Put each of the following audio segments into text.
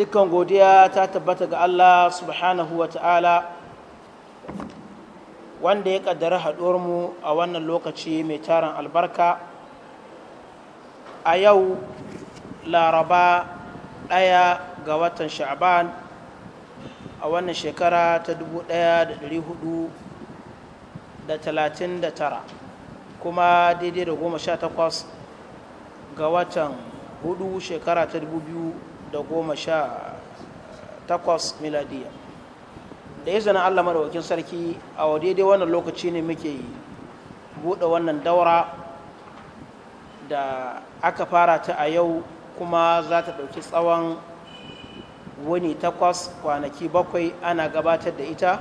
dukkan godiya ta tabbata ga Allah subhanahu wa ta'ala wanda ya kaddara haɗuwarmu a wannan lokaci mai taron albarka a yau laraba ɗaya ga watan sha'ban a wannan shekara ta 1439 kuma daidai da 18 ga watan 4 shekara ta 2000 da goma sha takwas miladiya da izinin allah madawakin sarki a daidai wannan lokaci ne muke buɗe wannan daura da aka fara ta a yau kuma za ta ɗauki tsawon wani takwas kwanaki bakwai ana gabatar da ita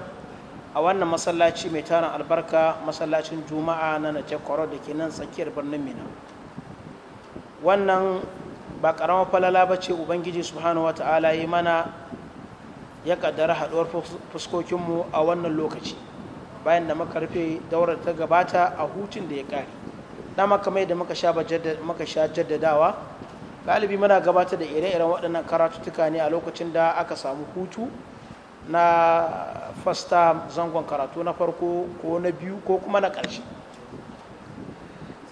a wannan masallaci mai tarin albarka masallacin juma'a na nace kwaro da ke nan tsakiyar birnin mina wannan ba karamar falala ba ce ubangiji subhanahu wa ta'ala yi mana ya kaddara haɗuwar fuskokinmu a wannan lokaci bayan da muka rufe daura ta gabata a hutun da ya da maka mai da muka sha jaddadawa galibi muna gabata da ire-iren waɗannan karatuttuka ne a lokacin da aka samu hutu na fasta zangon karatu na farko ko na biyu ko kuma na ƙarshe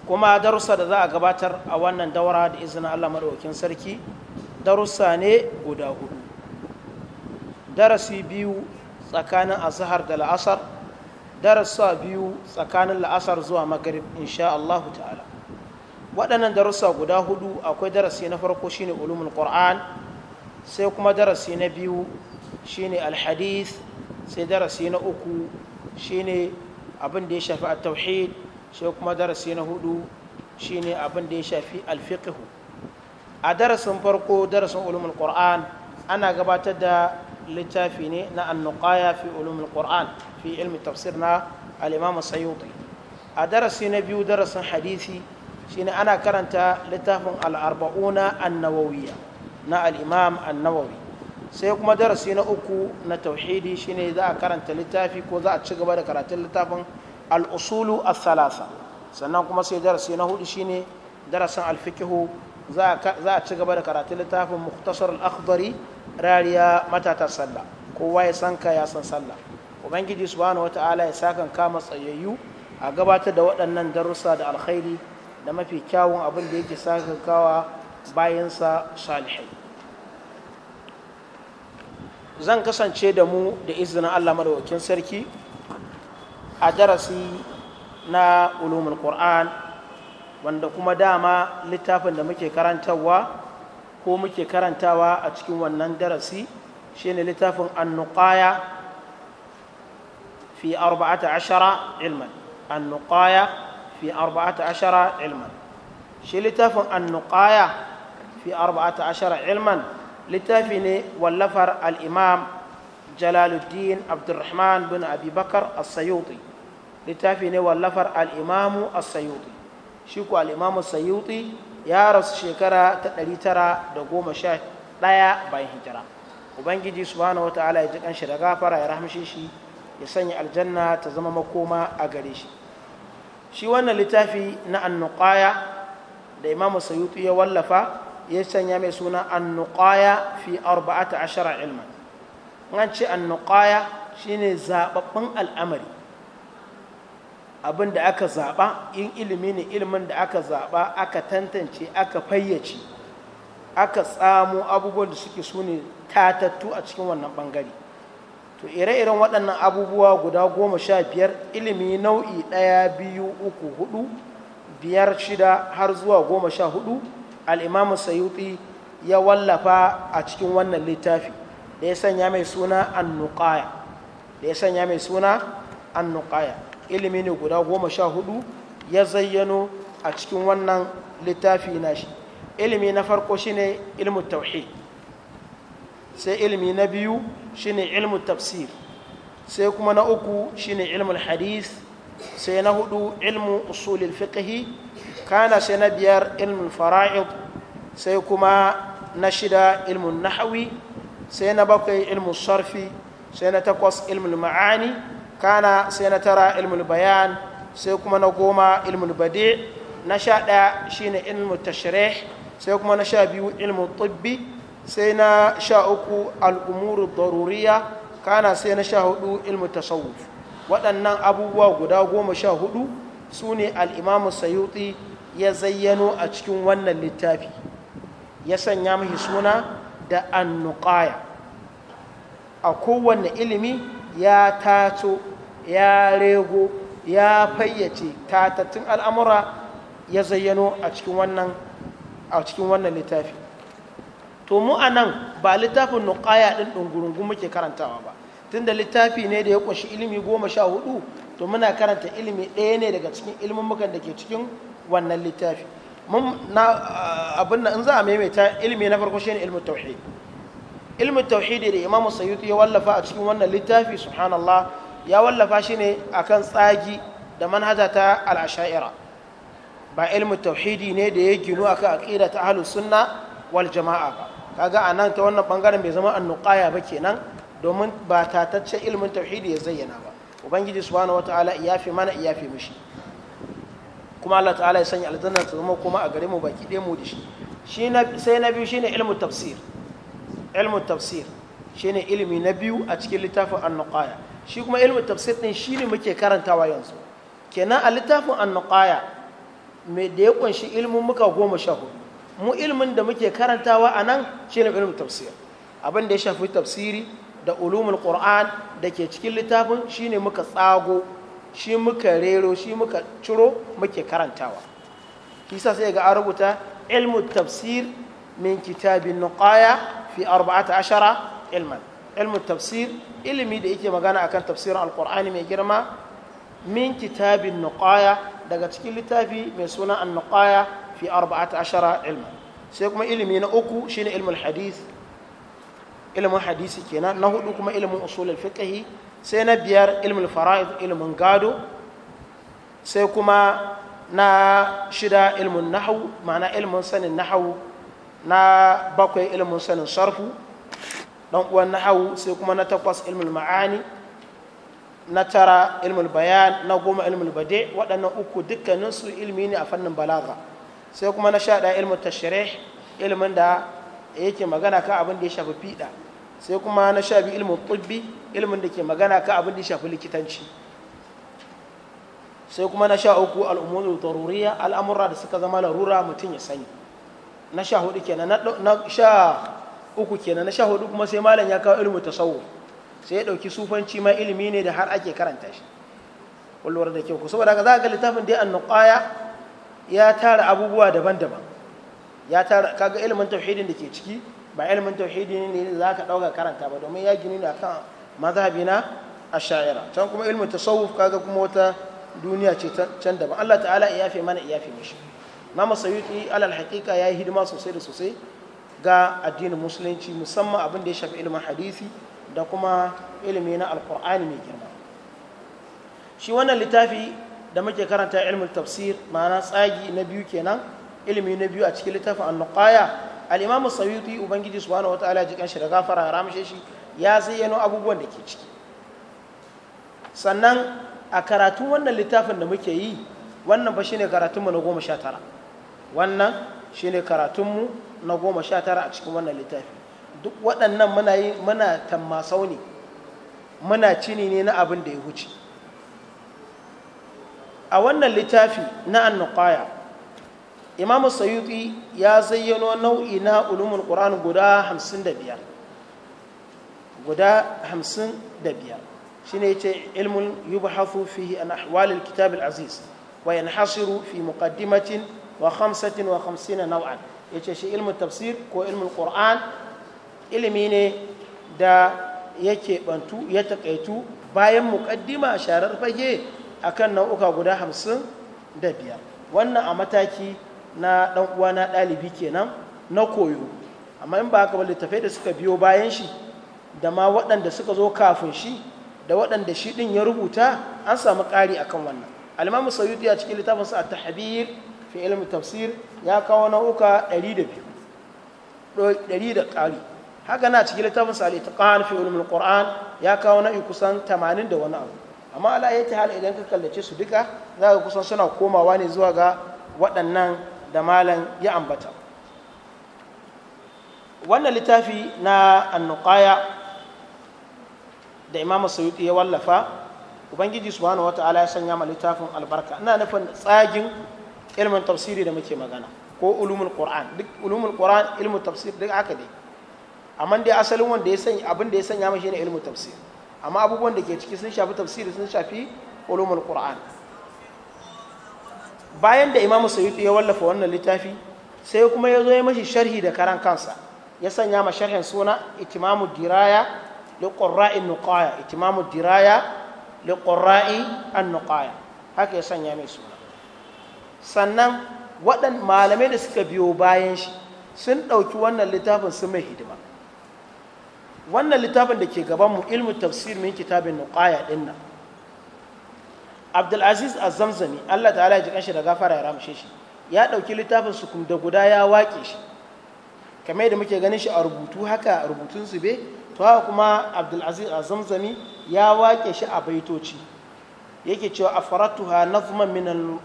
kuma darussa da za a gabatar a wannan daura da izinin allah maɗaukin sarki darussa ne guda hudu darasi biyu tsakanin azahar da la'asar darussa biyu tsakanin la'asar zuwa magarib insha allah ta'ala waɗannan darussa guda hudu akwai darasi na farko shine ulumul qur'an sai kuma darasi na biyu shine alhadith sai darasi na uku shine abin da ya shafi at-tauhid sai kuma darasi na hudu shine abin da ya shafi alfiqihu a darasin farko darasin ulumul qur'an ana gabatar da littafi ne na annuqaya fi ulumul qur'an fi ilmi tafsir na al-imam sayyuti a darasi na biyu darasin hadisi shine ana karanta littafin al-arba'una an-nawawiyya na al-imam an-nawawi sai kuma darasi na uku na tauhidi shine za a karanta littafi ko za a ci gaba da karatun littafin al'usulu a salasa sannan kuma sai darasi na hudu shine darasin alfikihu za a ci gaba da karatun littafin muktasar al rariya matata sallah kowa ya san ka ya san sallah ubangiji subhanahu wata'ala ya sakan kama tsayayyu a gabatar da waɗannan darussa da alkhairi da mafi kyawun abin da yake sakan kawa bayansa salihai zan kasance da mu da izinin allah madawakin sarki a darasi na ulumul qur'an wanda kuma dama littafin da muke karantarwa ko muke karantawa a cikin wannan darasi shine littafin annuqaya fi arba'ata ashara ilman annuqaya fi arba'ata ashara ilman shi littafin annuqaya fi arba'ata ashara ilman littafi ne wallafar al-imam jalaluddin Abdulrahman bin Abibakar as-sayuti littafi ne wallafar al-imamu as-sayuti shi ku al-imamu as-sayuti ya rasu shekara ta 911 bayan hijira ubangiji subhanahu wata'ala ya ji kanshi da gafara ya rahmishe shi ya sanya aljanna ta zama makoma a gare shi shi wannan littafi na annuqaya da imamu sayuti ya wallafa ya sanya mai suna annuqaya fi 14 ilman an ce shi shine zababbin al'amari abin da aka zaba in ilimi ne ilimin da aka zaba aka tantance aka fayyace aka tsamo abubuwan da suke su ne tatattu a cikin wannan bangare to ire-iren waɗannan abubuwa guda goma sha biyar ilimi nau'i ɗaya biyu uku hudu biyar shida har zuwa goma sha hudu al'imamu sayuti ya wallafa a cikin wannan littafi da ya sanya mai suna annuqaya da ya sanya mai suna annuqaya ilimi ne guda goma sha hudu ya zayyano a cikin wannan littafi na shi ilimi na farko shine ilmu tauhid sai ilimi na biyu shine ilmu tafsir sai kuma na uku shine ilmu hadis sai na hudu ilmu usulil fiqhi kana sai na biyar ilmu fara'id sai kuma na shida ilmu nahawi sai na bakwai ilmu sarfi sai na takwas ilmul ma'ani kana sai na tara ilmul bayan sai kuma na goma ilmul bade na sha ɗaya shi ne ilmu tashrih sai kuma na sha biyu ilmu tubbi sai na sha uku al'umuru daruriya kana sai na sha hudu ilmu tasawuf waɗannan abubuwa guda goma sha hudu su ne al'imamu sayuti ya zayyano a cikin wannan littafi ya sanya mahi suna da annuqaya a kowanne ilimi ya tato ya rego ya fayyace tatattun al'amura ya zayyano a cikin wannan a cikin wannan littafi to mu a nan ba littafin nuqaya ɗin ɗungurungun muke karantawa ba tunda littafi ne da ya ƙunshi ilimi goma sha hudu to muna karanta ilimi ɗaya ne daga cikin ilimin mukan da ke cikin wannan littafi mun na ah, abin in za a maimaita ilmi na farko shine ilmu tauhid ilmu tauhid da imam sayyidi ya wallafa a cikin wannan littafi subhanallah ya wallafa shi ne akan tsagi da manhaja ta al-asha'ira ba ilmu tauhidi ne da ya ginu akan aƙida ta ahlus sunna wal jama'a ba kaga anan ta wannan bangaren bai zama annuqaya ba kenan domin ba tataccen ilmin tauhidi ya zayyana ba ubangiji subhanahu wataala ya fi mana ya fi kuma Allah ta'ala ya sanya aljanna ta zama kuma a gare mu baki ɗaya mu da shi shi sai na biyu shine ilmu tafsir ilmu tafsir shine ilmi na biyu a cikin littafin annuqaya shi kuma ilmu tafsir din shine muke karantawa yanzu kenan a littafin annuqaya me da ya kunshi ilmin muka goma sha hudu mu ilmin da muke karantawa a nan shine ilmu tafsir abin da ya shafi tafsiri da ulumul qur'an da ke cikin littafin shine muka tsago shi muka rero shi muka ciro muke karantawa kisa sai ga an rubuta ilmu tafsir min kitabin nuqaya fi arba'ata ashara ilman ilmu tafsir ilimi da yake magana akan tafsirin alqur'ani mai girma min kitabin nuqaya daga cikin littafi mai suna an nuqaya fi arba'ata ashara ilman sai kuma ilimi na uku shine ilmul hadith ilimin hadisi kenan na hudu kuma ilimin usul fiqh sai na biyar ilimin fara'id ilimin gado sai kuma na shida ilimin nahawu ma'ana ilimin sanin nahawu na bakwai ilimin sanin sarfu dan uwan nahawu sai kuma na takwas ilimin ma'ani na tara ilimin bayan na goma ilimin bade waɗannan uku dukkaninsu ilimi ne a fannin balaga sai kuma na sha ɗaya ilimin tashrih ilimin da yake magana kan abin da ya shafi fiɗa sai kuma na sha biyu ilmin tubbi ilmin da ke magana ka abin da shafi likitanci sai kuma na sha uku al'umuru taruriya al'amurra da suka zama larura mutum ya sani na sha hudu kenan na sha uku kenan na sha hudu kuma sai malam ya kawo ilmu sau sai ya dauki sufanci ma ilimi ne da har ake karanta shi kullum da kyau saboda ka za ga littafin dai annuqaya ya tara abubuwa daban-daban ya tara kaga ilimin tauhidin da ke ciki ba ilimin tauhidi ne za ka ɗauka karanta ba domin ya gini da kan mazhabi na asha'ira can kuma ilimin tasawuf kaga kuma wata duniya ce can daban Allah ta'ala ya fi mana ya fi mishi na Sayyidi alal haqiqa ya yi hidima sosai da sosai ga addinin musulunci musamman abin da ya shafi ilimin hadisi da kuma ilimi na alkur'ani mai girma shi wannan littafi da muke karanta ilmin tafsir ma'ana tsagi na biyu kenan ilimi na biyu a cikin littafin annuqaya al'imamu imam ubangiji su wani wataala ji kanshi da gafara haramshe shi ya zayyano abubuwan da ke ciki sannan a karatun wannan littafin da muke yi wannan ba shine karatunmu na goma sha tara wannan shine karatunmu na goma sha tara a cikin wannan littafi duk waɗannan muna yi muna tammasau ne muna cini ne na abin da ya huce a wannan littafi na annuqaya imam sayuti ya zayyano nau'i na ulumul qur'an guda 55 guda 55 shine yace ilmun yubhathu fihi an ahwal alkitab alaziz wa yanhasiru fi muqaddimatin wa 55 naw'an yace shi ilmun tafsir ko ilmul qur'an ilimi ne da yake bantu ya takaitu bayan muqaddima sharar fage akan nau'uka guda 55 wannan a mataki na dan uwa na ɗalibi kenan na koyo amma in ba ka littafai da suka biyo bayan shi da ma waɗanda suka zo kafin shi da waɗanda shi ɗin ya rubuta an samu ƙari akan wannan alimamu sayyidu a cikin littafinsa a tahabir fi ilmi tafsir ya kawo nau'uka 102 ɗari da ƙari haka na cikin littafinsa a littaƙan fi ilmi qur'an ya kawo nau'i kusan tamanin da wani abu amma ala ta hal idan ka kallace su duka za ka kusan suna komawa ne zuwa ga waɗannan da malam ya ambata wannan littafi na annukaya da imamu sayuti ya wallafa ubangiji subhanahu wata'ala ya sanya ma littafin albarka ina nufin tsagin ilmin tafsiri da muke magana ko ulumul qur'an duk ulumul qur'an ilmin tafsir duk aka dai amma dai asalin wanda ya sanya abin da ya sanya mashi ne ilmin tafsir amma abubuwan da ke ciki sun shafi tafsiri sun shafi ulumul qur'an bayan da imamu sayyidu ya wallafa wannan littafi sai kuma ya zo ya mashi sharhi da karan kansa ya sanya ma sharhin suna itimamu diraya liqurra'i nuqaya itimamu diraya liqurra'i an-nuqaya haka ya sanya mai suna sannan waɗan malamai da suka biyo bayan shi sun ɗauki wannan littafin su mai hidima wannan littafin da ke gabanmu ilmu tafsir min kitabin nuqaya ɗin abdulaziz azamzami allah ta'ala ya ji kanshi da gafara ya ramshe shi ya ɗauki littafin kum da guda ya waƙe shi kamar yadda muke ganin shi a rubutu haka rubutun su be to haka kuma abdulaziz azamzami ya waƙe shi a baitoci yake cewa afaratuha nazma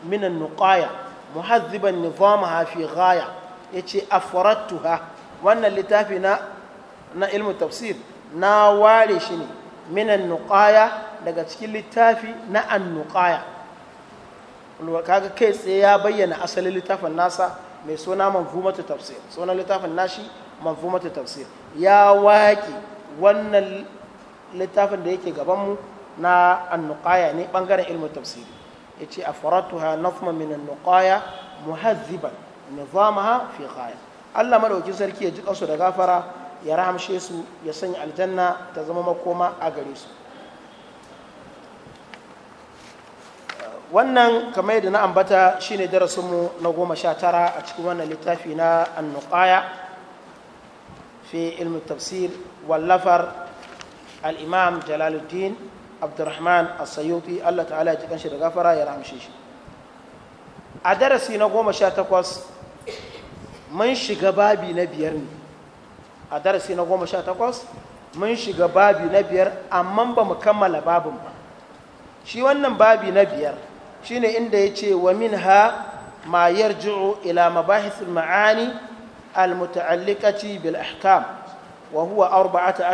min an-nuqaya muhazziban nizamaha fi ghaya yace afaratuha wannan littafi na ilmu tafsir na ware shi ne min an daga cikin littafi na annuqaya kaga kai tsaye ya bayyana asalin littafin nasa mai suna mata tafsir sunan littafin nashi mata tafsir ya waƙi wannan littafin da yake gabanmu na annuqaya ne bangaren ilmin tafsiri yace na fuma min annuqaya muhazziban nizamaha fi ghaya Allah madaukin sarki ya ji kansu da gafara ya rahamshe su ya sanya aljanna ta zama makoma a gare su wannan kamar yadda na ambata shine darasinmu na goma sha tara a cikin wannan littafi na annuqaya fi ilmi tafsir wallafar al'imam jalaluddin abdurrahman asayuti allah ta'ala ya jikan shi da gafara ya rahamshe shi a darasi na goma sha takwas mun shiga babi na biyar ne a darasi na goma sha takwas mun shiga babi na biyar amma ba mu kammala babin ba shi wannan babi na biyar shine inda ya ce wa min ha ma yarji'u ila mabahithul ma'ani almuta'alliqati bil ahkam wa huwa arba'ata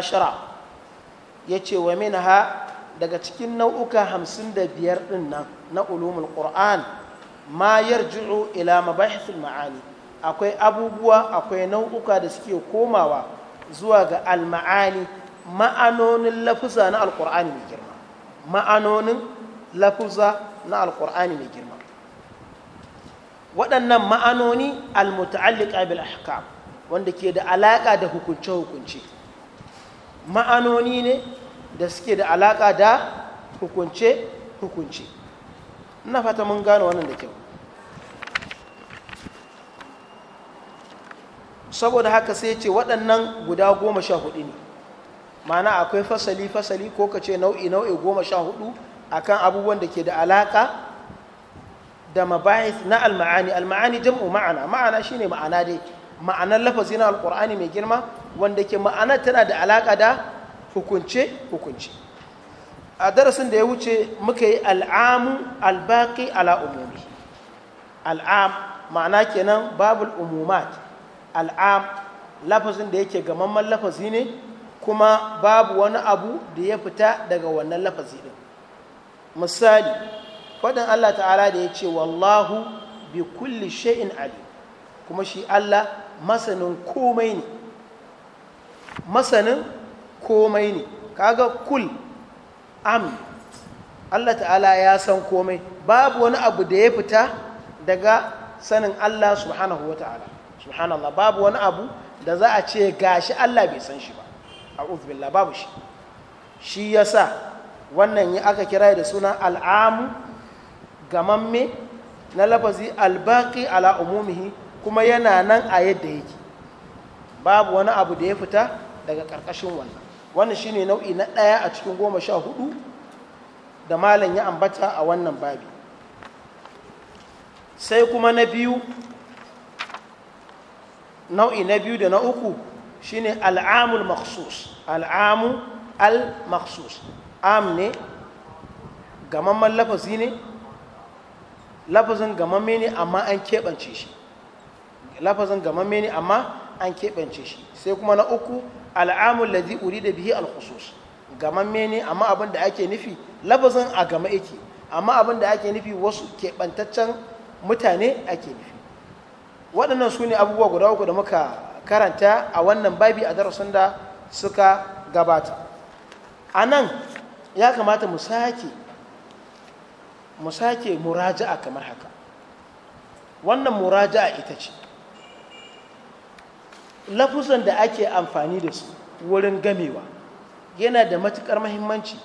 yace wa min ha daga cikin nau'uka hamsin da biyar ɗin nan na ulumul qur'an ma yarji'u ila mabahithul ma'ani akwai abubuwa akwai nau'uka da suke komawa zuwa ga alma'ani ma'anonin lafuza na alqur'ani girma ma'anonin lafuza na Alƙur'ani mai girma waɗannan ma'anoni almuta'allika bil ahkam wanda ke da alaƙa da hukunce-hukunce ma'anoni ne da suke da alaƙa da hukunce-hukunce ina fata mun gano wannan da kyau saboda haka sai ce waɗannan guda goma sha hudu ne mana akwai fasali-fasali ko ka ce nau'i-nau'i goma sha hudu akan abubuwan da ke da alaka da mabahis na alma'ani alma'ani jam'u ma'ana ma'ana shine ma'ana dai ma'anar lafazi na alqur'ani mai girma wanda ke ma'ana tana da alaka da hukunce hukunce a darasin da ya wuce muka yi al'amu albaqi ala umumi al'am ma'ana kenan babul umumat al'am lafazin da yake gamamman lafazi ne kuma babu wani abu da ya fita daga wannan lafazi din misali faɗin Allah ta'ala da ya ce wallahu bi kulli shay'in alim kuma shi Allah masanin komai ne masanin komai ne kaga kul am Allah ta'ala ya san komai babu wani abu da ya fita daga sanin Allah subhanahu wa ta'ala subhanallah babu wani abu da za a ce gashi Allah bai san shi ba a babu shi shi yasa wannan yi aka kira da sunan al'amu gamamme na lafazi albaki ala umumihi kuma yana nan a yadda yake babu wani abu da ya fita daga ƙarƙashin wannan wannan shine nau'i na ɗaya a cikin goma sha hudu da malam ya ambata a wannan babi sai kuma na biyu nau'i na biyu da na uku shine al'amul maksus al'amu al-maksus am ne gamamman lafazi ne lafazin gamamme ne amma an keɓance shi lafazin gamamme ne amma an keɓance shi sai kuma na uku al'amun uri da bihi al-khusus gamamme ne amma abin da ake nufi lafazin a gama yake amma abin da ake nufi wasu keɓantaccen mutane ake nufi waɗannan su ne abubuwa guda uku da muka karanta a wannan babi a darasin da suka gabata a nan ya kamata mu sake mu sake muraja'a kamar haka wannan muraja'a ita ce lafuzan da ake amfani da su wurin gamewa yana da matukar mahimmanci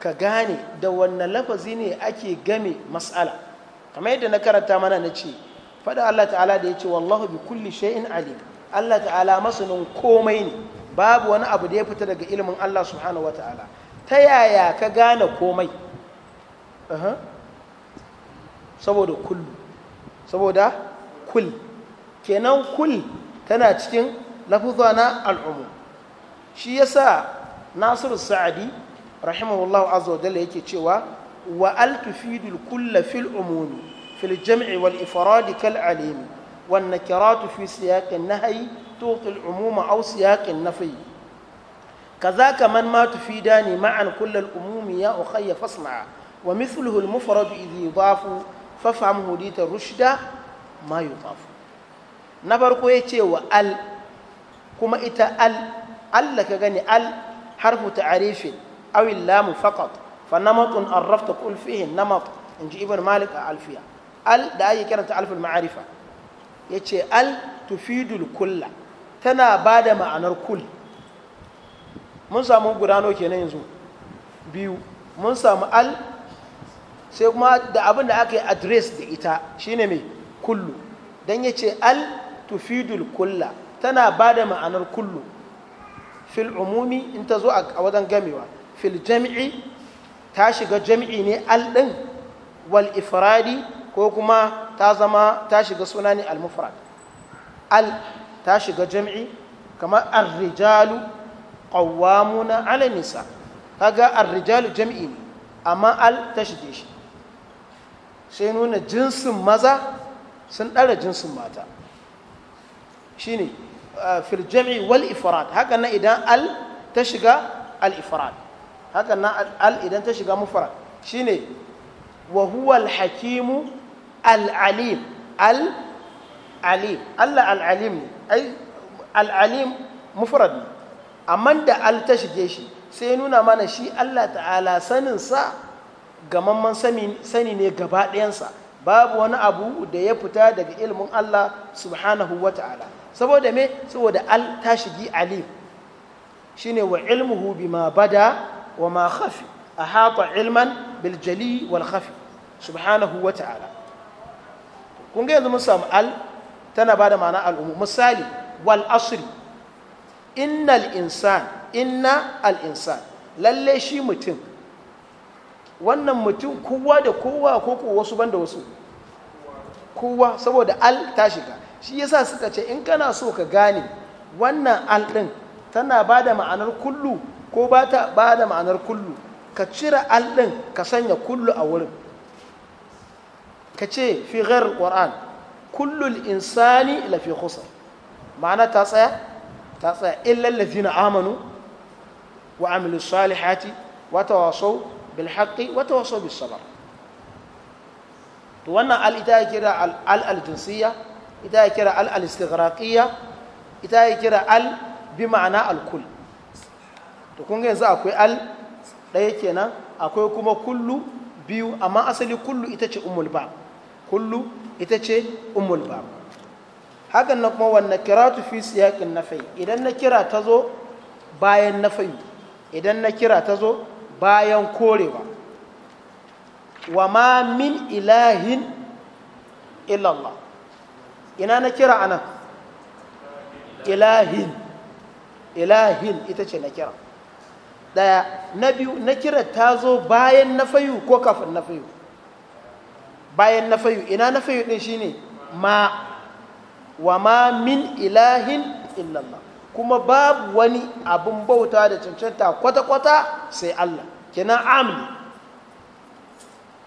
ka gane da wannan lafazi ne ake game matsala kamar yadda na karanta mana na ce faɗa Allah ta'ala da ya ce wallahu bi kulli shay'in alim Allah ta'ala masanin komai ne babu wani abu da ya fita daga ilimin Allah subhanahu wataala ta yaya ka gane komai saboda saboda kul kenan kul tana cikin lafuzwa na al'umu shi yasa nasiru sa'adi rahimahullahu azza jalla yake cewa wa altufidul kulla fil umumi fil jam'i wal ifradi kal alimi wan nakiratu fi siyaqin nahyi tuqil umuma au siyaqin nafyi kaza kaman ma tufidani ma'an kullal umumi ya ukhayya fasna'a wa mithluhu al-mufrad idh yudafu fafham hudita rushda ma yudafu na farko yace wa al kuma ita al Allah ka gani al harfu ta'rifin aw lam faqat fa namatun arrafta qul fihi namat inji ibn malik a alfiya al da ake kiranta alful ma'arifa yace al tufidul kulla tana bada ma'anar kul. mun samu gudano kenan yanzu biyu mun samu al sai kuma da abin da aka yi adres da ita shine mai kullu don ya ce al tufidul kulla tana ba da ma'anar kullu fil umumi in ta zo a wajen gamewa fil jami'i ta shiga jami'i ne al ɗin wal ifradi ko kuma ta zama ta shiga suna ne al mufrad al ta shiga jami'i kamar ar-rijalu qawwamuna ala nisa kaga ar-rijalu jam'i ne amma al tashde sai nuna jinsin maza sun ɗara jinsin mata shine fil jam'i wal ifrad haka nan idan al ta shiga al ifrad haka nan al idan ta shiga mufrad shine wa huwa al hakimu al alim al alim Allah al alim ai al alim mufrad ne amma da al ta shige shi sai ya nuna mana shi Allah ta'ala saninsa gamamman sani ne gaba ɗayansa babu wani abu da ya fita daga ilimin Allah subhanahu wa ta'ala saboda me saboda al ta shigi alim shine wa ilmuhu bima bada wa ma khafi ahata ilman bil jali wal khafi subhanahu wa ta'ala kun ga yanzu mun samu al tana bada ma'ana al'umma misali wal asri innal insan inna al insan lalle shi mutum wannan mutum kowa da kowa ko wasu banda wasu kowa saboda al ta shiga shi yasa suka ce in kana so ka gane wannan al din tana ba da ma'anar kullu ko ba ta ba da ma'anar kullu ka cire al din ka sanya kullu a wurin ka ce fi ghar qur'an kullul insani la fi khusr ma'ana ta tsaya ta tsaya illal ladina amanu wa amilu salihati wa tawasaw bil haqqi wa tawasaw bis sabr to wannan al ita ya kira al al jinsiyya ita ya kira al al istighraqiyya ita ya kira al bi ma'ana al kull to kun ga yanzu akwai al daya kenan akwai kuma kullu biyu amma asali kullu ita ce ummul ba kullu ita ce ummul ba hakan na kuma wannan kira fi na fai idan na kira ta zo bayan fai idan na kira ta zo bayan korewa wa ma min ilahin illallah ina na kira ana ilahin ilahin ita ce na kira daya na biyu na kira ta zo bayan nafayu ko kafin na nafayu bayan na nafayu ina na nafayu din shine ma wa ma min ilahin illallah kuma babu wani abin bauta da cancanta kwata-kwata sai Allah kenan amini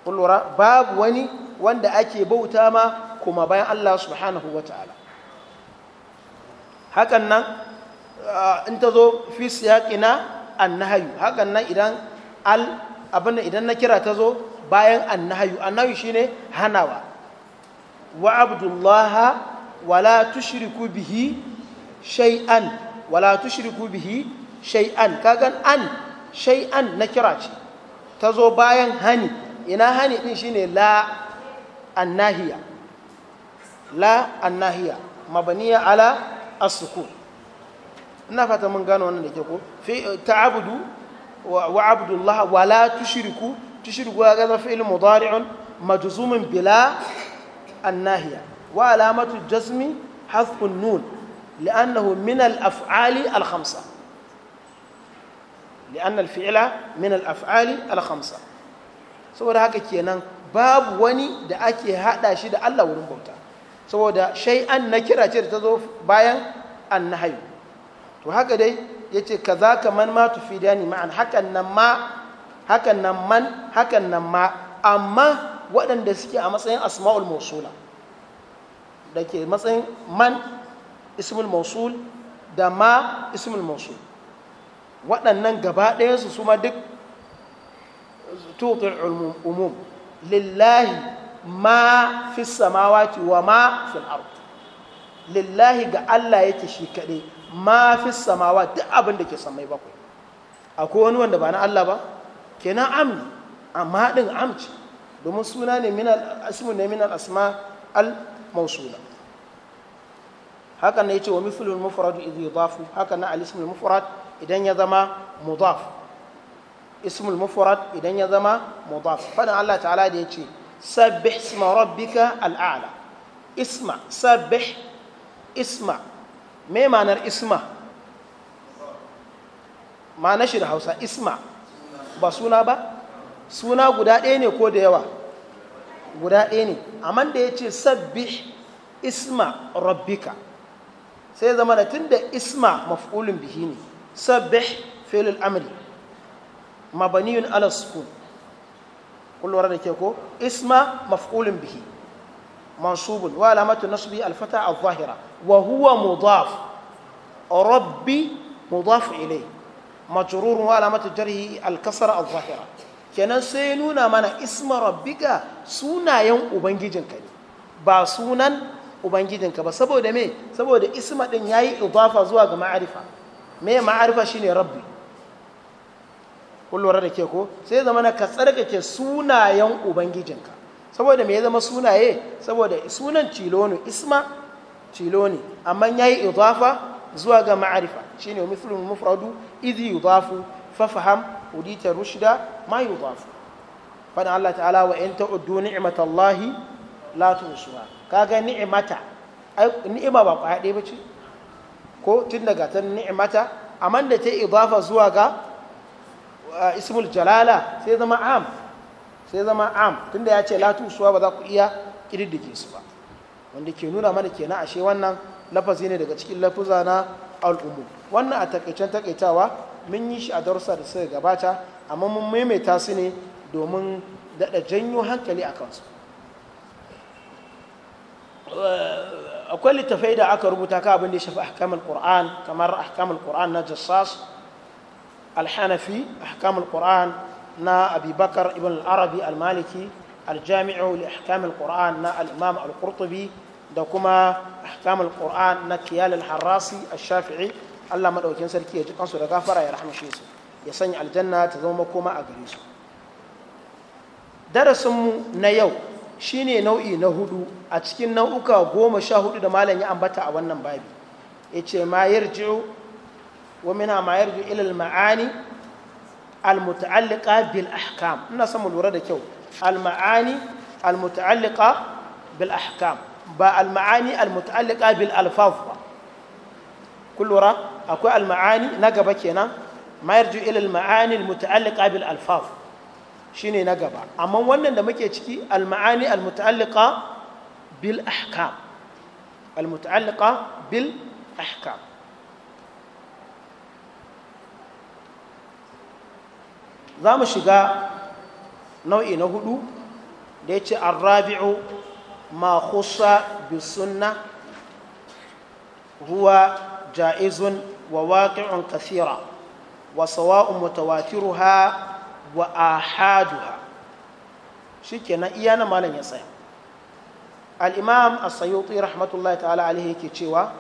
kullura babu wani wanda ake bauta ma kuma bayan Allah subhanahu wa ta'ala hakan nan uh, in ta zo fi siyaƙina annahayu hakan nan idan al abin idan na kira ta zo bayan annahayu annahayu shine hanawa wa abdullaha wala tushriku bihi shay'an wala tushriku bihi shay'an kagan an shay'an na kira ce ta zo bayan hani ina hani din shine la annahiya la annahiya mabaniya ala as-sukun ina fata mun gano wannan da ke ko fi ta'budu wa abdullah wa la tushriku tushriku ga zafi il mudari'un majzumun bila annahiya wa alamatu jazmi hasfun nun li'annahu min al-af'ali al-khamsa li'anna saboda haka kenan babu wani da ake haɗa shi da Allah wurin bauta saboda shay'an na kira ce da ta zo bayan haihu to haka dai yace kazaka man ma tufidani ma'an hakan nan ma hakan nan man hakan nan ma amma waɗanda suke a matsayin asma'ul musula da ke matsayin man ismul mausul da ma ismul mausul waɗannan gaba ɗayansu su ma duk tuƙin umum lillahi ma fi samawati wa ma fi lillahi ga Allah yake shi kaɗe ma fi samawa duk abin da ke samai bakwai akwai wani wanda ba na Allah ba na amni amma ɗin amci domin suna ne min alasma asma al-mausula haka ne ce wa mithlul mufrad idh yudafu haka na al ismul idan ya zama mudaf ismul mufrad idan ya zama mudaf fadan Allah ta'ala da ce sabbih isma rabbika al a'la isma sabbih isma me ma'anar isma ma shi da Hausa isma ba suna ba suna guda ɗaya ne ko da yawa guda ɗaya ne amma da ya ce sabbih isma rabbika sai zama da tun da isma maf'ulun bihi ne sabbih Felul amri mabaniyun ala sukun da ke ko isma maf'ulun bihi mansubun wa alamatu nasbi alfata al-zahira wa huwa mudaf rabbi mudaf ilai majrurun wa alamatu jarhi al-kasra al-zahira kenan sai nuna mana isma rabbika sunayen ubangijinka ne ba sunan ubangijinka ba saboda me saboda isma din yayi idafa zuwa ga ma'arifa me ma'arifa shine rabbi kun rada ke ko sai zama na ka tsarkake sunayen ubangijinka saboda me ya zama sunaye saboda sunan tiloni isma tiloni amma yayi idafa zuwa ga ma'arifa shine mithlul mufradu idhi yudafu fafham udita rushda ma yudafu fana Allah ta'ala wa uddu ta'uddu ni'matallahi la kaga ni'imata ni'ima ba kwaya ɗaya ba ko tun daga ta ni'imata amma da ta idafa zuwa ga ismul jalala sai zama am sai zama am tunda ya ce latu suwa ba za ku iya kididdike su ba wanda ke nuna mana kenan ashe wannan lafazi ne daga cikin lafuza na al'ummu wannan a takaicen takaitawa mun yi shi a darussa da suka gabata amma mun maimaita su ne domin daɗa janyo hankali a kansu Eh, akwai littafai da aka rubuta ka abin da ya shafi ahkamul qur'an kamar ahkamul qur'an na jassas alhanafi ahkamul qur'an na abubakar ibn al-arabi al-maliki al-jami'u li ahkamul qur'an na al-imam al-qurtubi da kuma ahkamul qur'an na kiyal al-harrasi al-shafi'i Allah madaukin sarki ya ji kansu da gafara ya rahmashe su ya sanya aljanna ta zama makoma a gare su darasinmu na yau ne nau'i na hudu a cikin nau'uka goma sha hudu da malam ya ambata a wannan babi ya ce ma yarji'u wa mina ma yarji'u ilal ma'ani al muta'alliqa bil ahkam ina samun lura da kyau al ma'ani al muta'alliqa bil ahkam ba al ma'ani al muta'alliqa bil alfaf ba kun akwai al ma'ani na gaba kenan Mayar yarji'u ilal ma'ani al muta'alliqa bil alfaf. shine na gaba amma wannan da muke ciki alma'ani maani bil ahkam al bil ahkam za mu shiga nau'i na hudu da ya ce arrabi'u ma khussa bi sunna huwa ja'izun wa waqi'un kathira wa sawa'un mutawatiruha wa a ahaduha shikenan iya na malam ya tsaye alimam a sayoti rahmatullahi ta'ala alihi ke cewa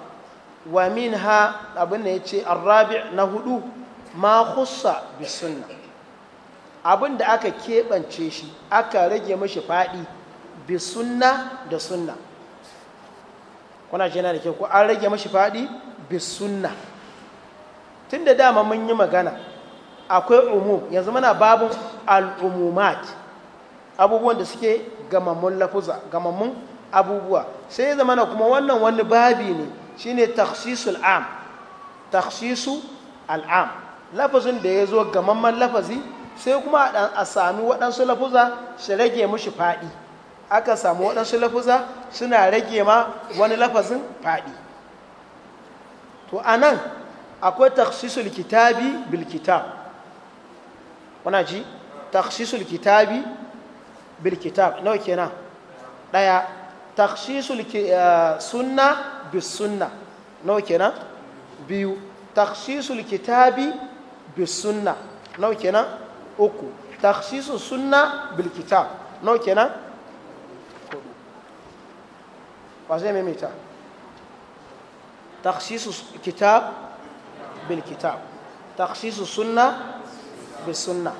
wa min ha abin da ya ce rabi na hudu ma husa bi suna. abin da aka keɓance shi aka rage mashi faɗi bi sunna da sunna kuna shi yana da kyau ko an rage mashi faɗi bi sunna tun da dama mun yi magana akwai umum yanzu muna babin al'umumat abubuwan da suke gamammun lafuza gamammun abubuwa sai zama na kuma wannan wani babi ne shine ne am taksisu al'am lafazin da ya zo gamamman lafazi sai kuma a sami waɗansu lafuza shi rage mushi faɗi aka sami waɗansu lafuza suna rage ma wani lafazin faɗi to anan akwai taksisul kitabi bil kuna ji takhsisul kitabi bil kitab nawa kenan daya takhsisul eh, sunna bis sunna nawa kenan biyu takhsisul kitabi bis sunna nawa kenan uku takhsisus sunna bil kitab nawa kenan hudu ba zai maimaita takhsisus kitab bil kitab takhsisus sunna بالسنة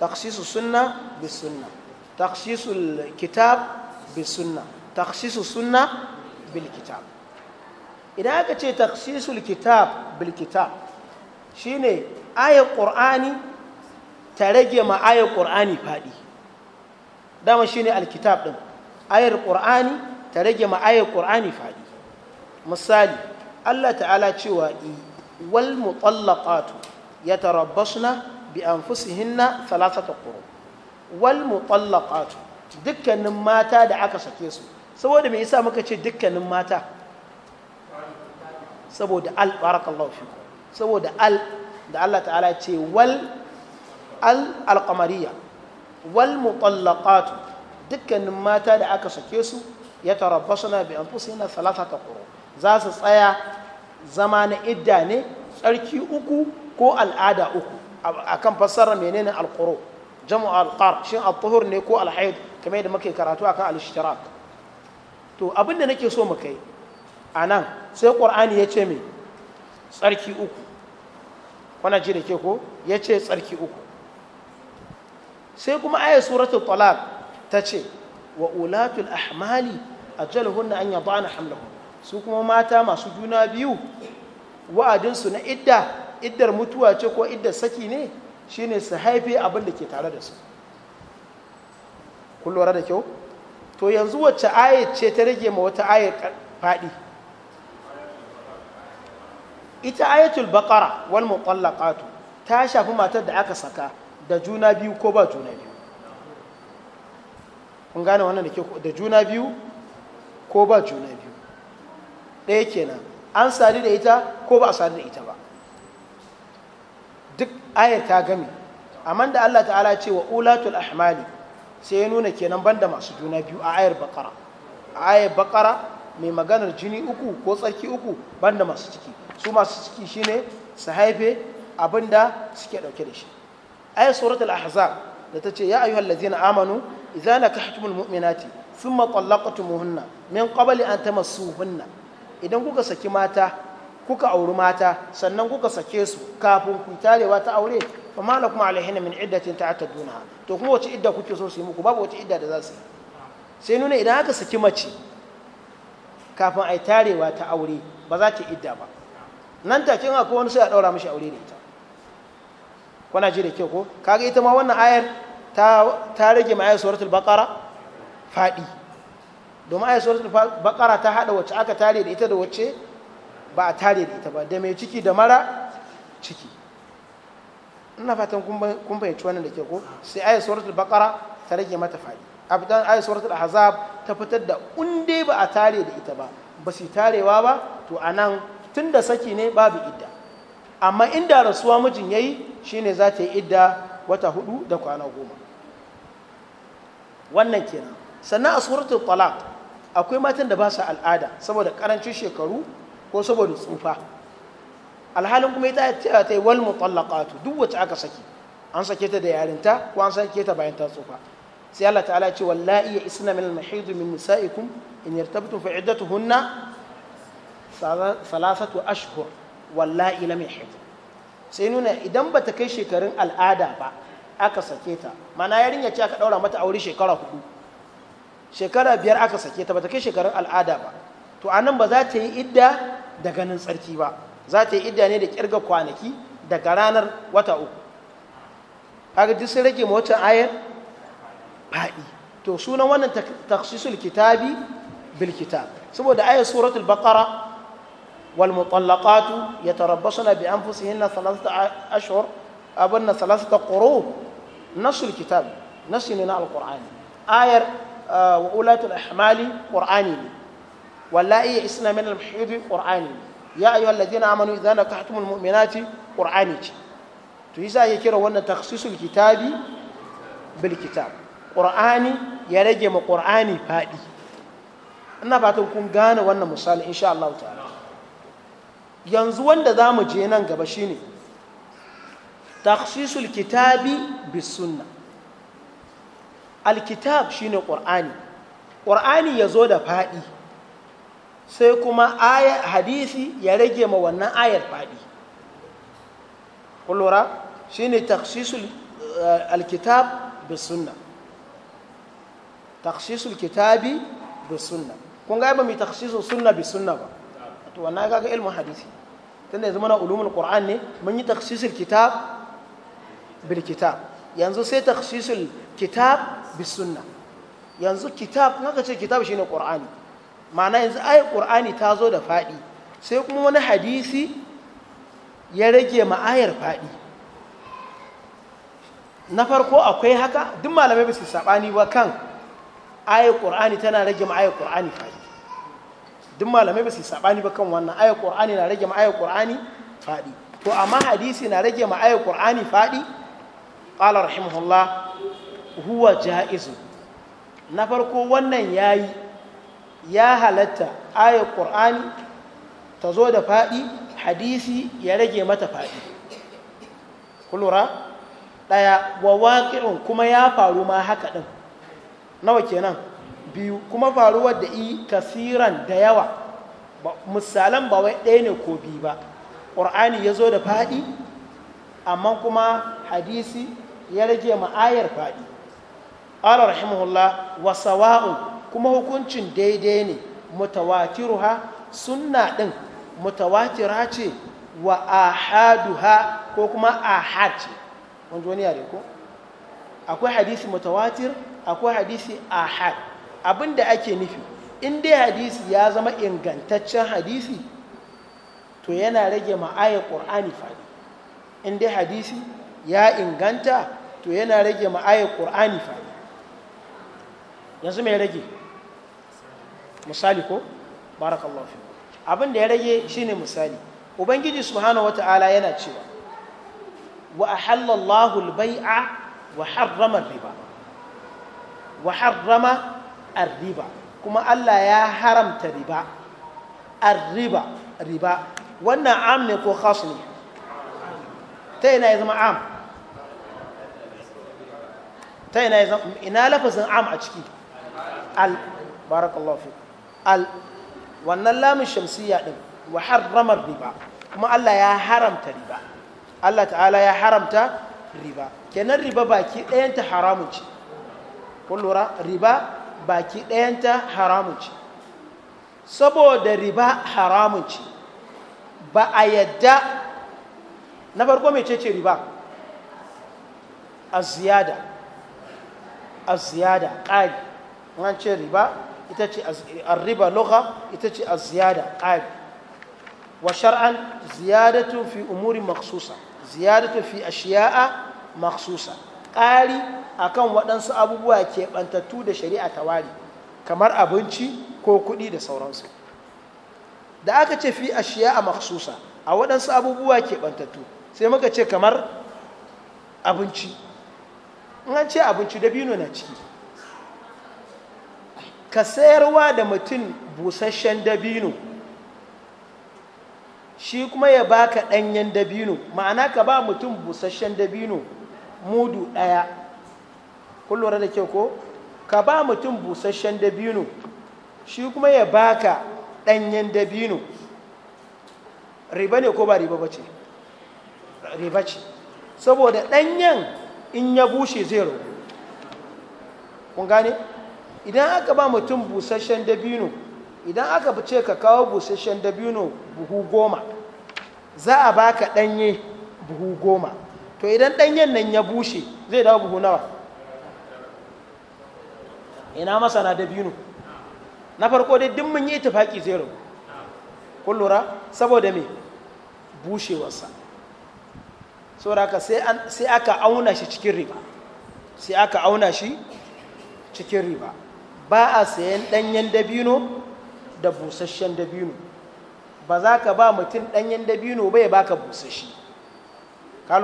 تخصيص السنة بالسنة تخصيص الكتاب بالسنة تخصيص السنة بالكتاب إذا أكتش تخصيص الكتاب بالكتاب شيني آية قرآني ترجع مع آية قرآني فادي دام شيني الكتاب دم آية القرآني ترجع مع آية قرآني فادي مثالي الله تعالى شوى والمطلقات يتربصن bi anfusihinna thalathata quru wal mutallaqatu dukkanin mata da aka sake su saboda me yasa muka ce dukkanin mata saboda al da Allah ta'ala ce wal al alqamariya wal mutallaqatu dukkanin mata da aka sake su ya tarabbasuna bi anfusihinna thalathata quru za su tsaya zama na idda ne tsarki uku ko al'ada uku akan fassara menene alquru jamu alqar shi at-tuhur ne ko al-hayd kamar yadda muke karatu akan al-ishtirak to abin da nake so muke a nan sai qur'ani ya ce me tsarki uku wannan ji da ke ko ya ce tsarki uku sai kuma ayat suratul talaq ta ce wa ulatul ahmali ajalhunna an yadana hamlahum su kuma mata masu juna biyu wa'adinsu na idda iddar mutuwa ce ko iddar saki ne shine su haife abin da ke tare da su kun da kyau to yanzu wacce ayat ce ta rage ma wata ayat faɗi ita ayatul baqara wal muqallaqatu ta shafi matar da aka saka da juna biyu ko ba juna biyu kun gane wannan da ke da juna biyu ko ba juna biyu ɗaya kenan an sadu da ita ko ba a sadu da ita ba aya ta gami amma da Allah ta'ala ce wa ulatul ahmali sai ya nuna kenan banda masu juna biyu a ayar bakara a ayar bakara mai maganar jini uku ko tsarki uku banda masu ciki su masu ciki shine su haife abinda suke ɗauke da shi ayar suratul ahza da ta ce ya ayyuhal ladzina amanu idza nakahtumul mu'minati thumma talaqtumuhunna min qabli an tamassuhunna idan kuka saki mata kuka auri mata sannan kuka sake su kafin ku tarewa ta aure fa ma lakum alaihinna min iddatin ta'tadduna to kuma wace idda kuke so su yi muku babu wace idda da za su yi sai nuna idan aka saki mace kafin ai tarewa ta aure ba za ta idda ba nan take in akwai wani sai a daura mishi aure da ita kuna ji da kyau ko kaga ita ma wannan ayar ta rage ma ayar suratul baqara fadi domin ayar suratul baqara ta hada wacce aka tare da ita da wacce ba a tare da ita ba da mai ciki da mara ciki ina fatan kun fahimci wannan da ke ko sai ayat suratul baqara ta rage mata fadi abdan ayat suratul ahzab ta fitar da unde ba a tare da ita ba ba su tarewa ba to anan tunda saki ne babu idda amma inda rasuwa mijin yayi shine za ta yi idda wata hudu da kwana goma wannan kenan sannan a suratul talaq akwai matan da ba su al'ada saboda karancin shekaru ko saboda tsufa alhalin kuma ita cewa ta yi wal mutallaqatu duk wacce aka saki an sake ta da yarinta ko an sake ta bayan ta tsufa sai Allah ta'ala ya ce wallahi ya isna min al-mahid min nisaikum in yartabtum fa iddatuhunna salasatu ashhur wallahi lam yahid sai nuna idan ta kai shekarun al'ada ba aka sake ta mana yarinya ce aka daura mata aure shekara hudu shekara biyar aka sake ta bata kai shekarun al'ada ba to anan ba za ta yi idda da ganin tsarki ba za ta yi idda ne da kirga kwanaki daga ranar wata uku kaga duk sun rage mota ayar faɗi to sunan wannan taksisul kitabi bilkita saboda ayar suratul baqara wal ya tarabbasuna bi anfusihinna thalathata ashhur abunna thalathata quru nasul kitab nasi na alqur'ani ayar ah, wa ulatul ahmali qur'ani ne wallahi isna min al-mahidi qur'ani ya ayyuhal ladina amanu idza nakahtumul mu'minati qur'ani ce to yasa ya kira wannan takhsisul kitabi bil kitab ya rage ma qur'ani fadi ina fatan kun gane wannan misali insha Allah ta'ala yanzu wanda zamu je nan gaba shine takhsisul kitabi alkitab shine qur'ani qur'ani yazo da faɗi. sai kuma aya hadisi ya rage ma wannan ayar faɗi kullura ne taksisul eh, alkitab da sunna taksisul kitabi da sunna kun ga ba mai taksisul sunna bis sunna ba to wannan ga ilmin hadisi tunda yanzu muna ulumul qur'an ne mun yi taksisul kitab bil kitab yanzu sai taksisul kitab bis sunna yanzu kitab naka ce kitab shine qur'ani ma'ana yanzu ayar ƙur'ani ta zo da faɗi sai kuma wani hadisi ya rage ma'ayar faɗi na farko akwai haka duk malamai ba su saɓani ba kan ayar ƙur'ani tana rage ma'ayar ƙur'ani faɗi duk malamai ba su saɓani ba kan wannan ayar ƙur'ani na rage ma'ayar ƙur'ani faɗi to amma hadisi na rage ma'ayar ƙur'ani faɗi ƙala rahimahullah huwa ja'izu na farko wannan yayi ya halatta ayar ƙur'ani ta zo da faɗi hadisi ya rage mata faɗi kulura ɗaya wa waƙirin kuma ya faru ma haka ɗin nawa kenan biyu kuma faruwar da yi kasiran da yawa misalan ba wai ɗaya ne ko biyu ba ƙur'ani ya zo da faɗi amma kuma hadisi ya rage ma'ayar ayar faɗi ƙalar rahimahullah wa sawa'un kuma hukuncin daidai ne mutawatiruha sunna din mutawatira ce wa ahaduha ko kuma ahad ce wanzu wani yare ko akwai hadisi mutawatir akwai hadisi ahad abinda ake nufi in dai hadisi ya zama ingantaccen hadisi to yana rage ma'aya ƙur'ani faɗi in dai hadisi ya inganta to yana rage ma'aya ƙur'ani fadi yanzu mai rage misali ko barakallahu fi abin da ya rage shine misali ubangiji subhanahu wata'ala yana cewa wa ahallallahu al-bai'a wa harrama riba wa harrama ar-riba kuma Allah ya haramta riba ar-riba riba wannan am ne ko khas ne ta ina ya zama am ta ina ya zama ina lafazin am a ciki al barakallahu fi al wannan lamun shamsiyya din wa harramar riba kuma Allah ya haramta riba Allah ta'ala ya haramta riba kenan riba baki ɗayanta haramun ce kun lura riba baki ɗayanta haramun ce saboda riba haramun ce ba a yadda na farko mai ce riba a ziyada a ziyada ƙari an ce riba ita ce arriba lugha ita ce a ziyada qali wa shar'an ziyadatu fi umuri maksusa ziyadatu fi ashiya'a maksusa ƙari kan waɗansu abubuwa ke bantattu da shari'a ta wari kamar abinci ko kuɗi da sauransu da aka ce fi ashiya'a maksusa a waɗansu abubuwa ke bantattu sai muka ce kamar abinci in an ce abinci dabino na ciki ka sayarwa da mutum busasshen dabino shi kuma ya baka ɗanyen dabino ma'ana ka ba mutum busasshen dabino mudu ɗaya kullum da kyau ko ka ba mutum busasshen dabino shi kuma ya baka ɗanyen dabino riba ne ko ba riba ba ce riba ce saboda ɗanyen in ya bushe zai ragu kun gane? idan aka ba mutum busasshen dabino idan aka ce ka kawo busasshen dabino buhu goma za a baka ɗanye buhu goma to idan ɗanyen nan ya bushe zai dawo buhu nawa ina masana dabino na farko dai din mun yi tafaki zai rabu kun lura saboda me bushewarsa da sai aka auna shi cikin riba sai aka auna shi cikin riba ba a sayan ɗanyen dabino da busasshen dabino ba za ka ba mutum ɗanyen dabino ba ya baka busashi ka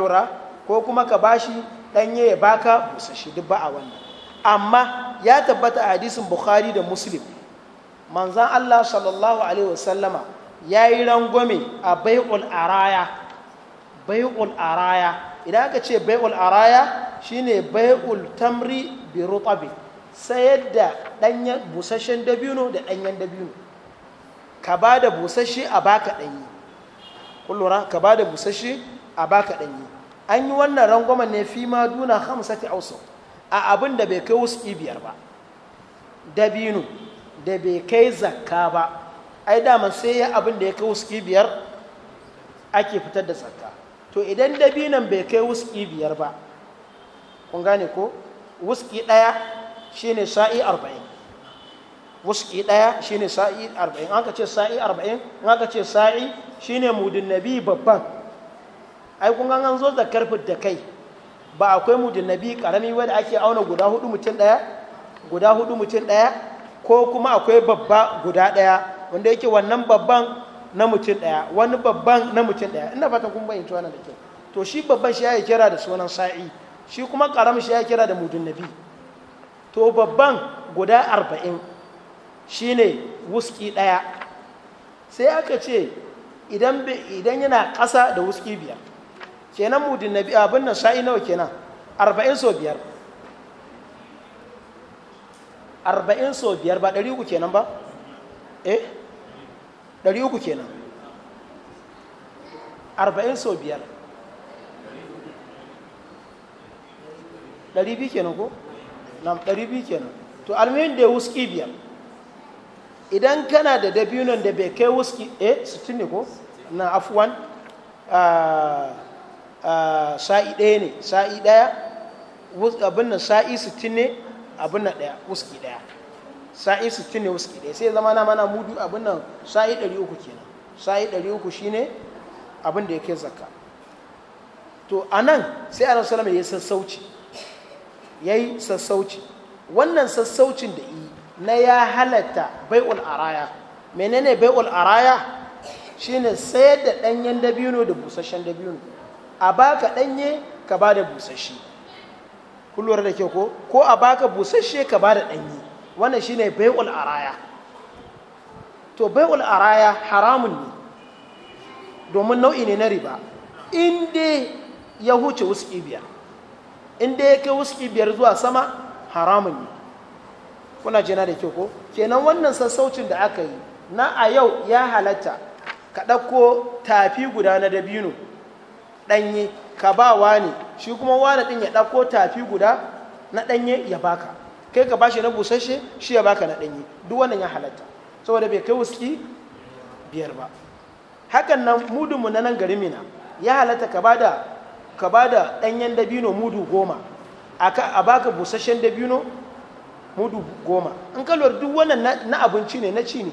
ko kuma ka bashi ɗanye ya baka busashi duk ba a wannan amma ya tabbata a hadisin bukhari da muslim manzan allah sallallahu alaihi wasallama ya yi rangwame a bai'ul araya bai'ul araya idan aka ce bai'ul araya shine bai'ul tamri bi rutabi sayar da ɗanyen busasshen dabino da ɗanyen dabino ka ba da busasshe a baka ɗanyi kullura ka ba da busasshe a baka ɗanyi an yi wannan rangwamen ne fi ma duna sati ausau a abin da bai kai wasu biyar ba dabino da bai kai zakka ba ai dama sai ya abin da ya kai wasu biyar ake fitar da zakka to idan dabinon bai kai wasu biyar ba kun gane ko wuski ɗaya shine sa'i arba'in wuski ɗaya shine sa'i arba'in an ka ce sa'i arba'in in ka ce sa'i shine mudin nabi babban ai kun an zo da karfi da kai ba akwai mudin nabi karami wanda ake auna guda hudu mutum ɗaya guda hudu mutum daya ko kuma akwai babba guda ɗaya wanda yake wannan babban na mutum ɗaya wani babban na mutum ɗaya ina kuma kun bayyance wannan da kyau to shi babban shi ya kira da sunan sa'i shi kuma karam shi ya kira da mudin nabi to babban guda arba'in shi ne wuski ɗaya sai aka ce idan yana ƙasa da wuski biyar kenan mudin biya abin nan sha'i nawa kenan arba'in so biyar arba'in so biyar ba ɗari uku kenan ba eh ɗari uku kenan arba'in so biyar ɗari biyu kenan ko nan ɗari biyu kenan to almin da wuski biyar idan kana da dabinon da bai kai wuski eh sittin ne ko na afuwan sa'i ɗaya ne sa'i ɗaya abin nan sa'i sittin ne abin na ɗaya wuski ɗaya sa'i sittin ne wuski ɗaya sai zama na mana mudu abin nan sa'i ɗari uku kenan sa'i ɗari uku ne abin da ya kai zakka to a nan sai ana Salama ya san sauci. sassauci ya yi sassauci wannan sassaucin da yi na ya halatta bai'ul araya menene bai'ul araya shine sayar da ɗanyen dabino da busasshen dabino a baka ɗanye ka ba da busasshe kullum da ke ko ko a baka busasshe ka ba da ɗanye wannan shine bai'ul araya to bai'ul araya haramun ne domin nau'i ne na riba in ya huce wasu ibiya inda ya kai wuski biyar zuwa sama haramun ne kuna jina da kyau ko kenan wannan sassaucin da aka yi na a yau ya halatta ka ɗauko tafi guda na dabino ɗanye ka ba wani shi kuma wani ɗin ya ɗauko tafi guda na ɗanye ya baka kai ka bashi na busasshe shi ya baka na ɗanye duk wannan ya halatta saboda bai kai wuski biyar ba hakan nan mudunmu na nan gari mina ya halatta ka ba da ka ba da ɗanyen dabino mudu goma a baka busasshen dabino mudu goma in ka lura duk wannan na abinci ne na ci ne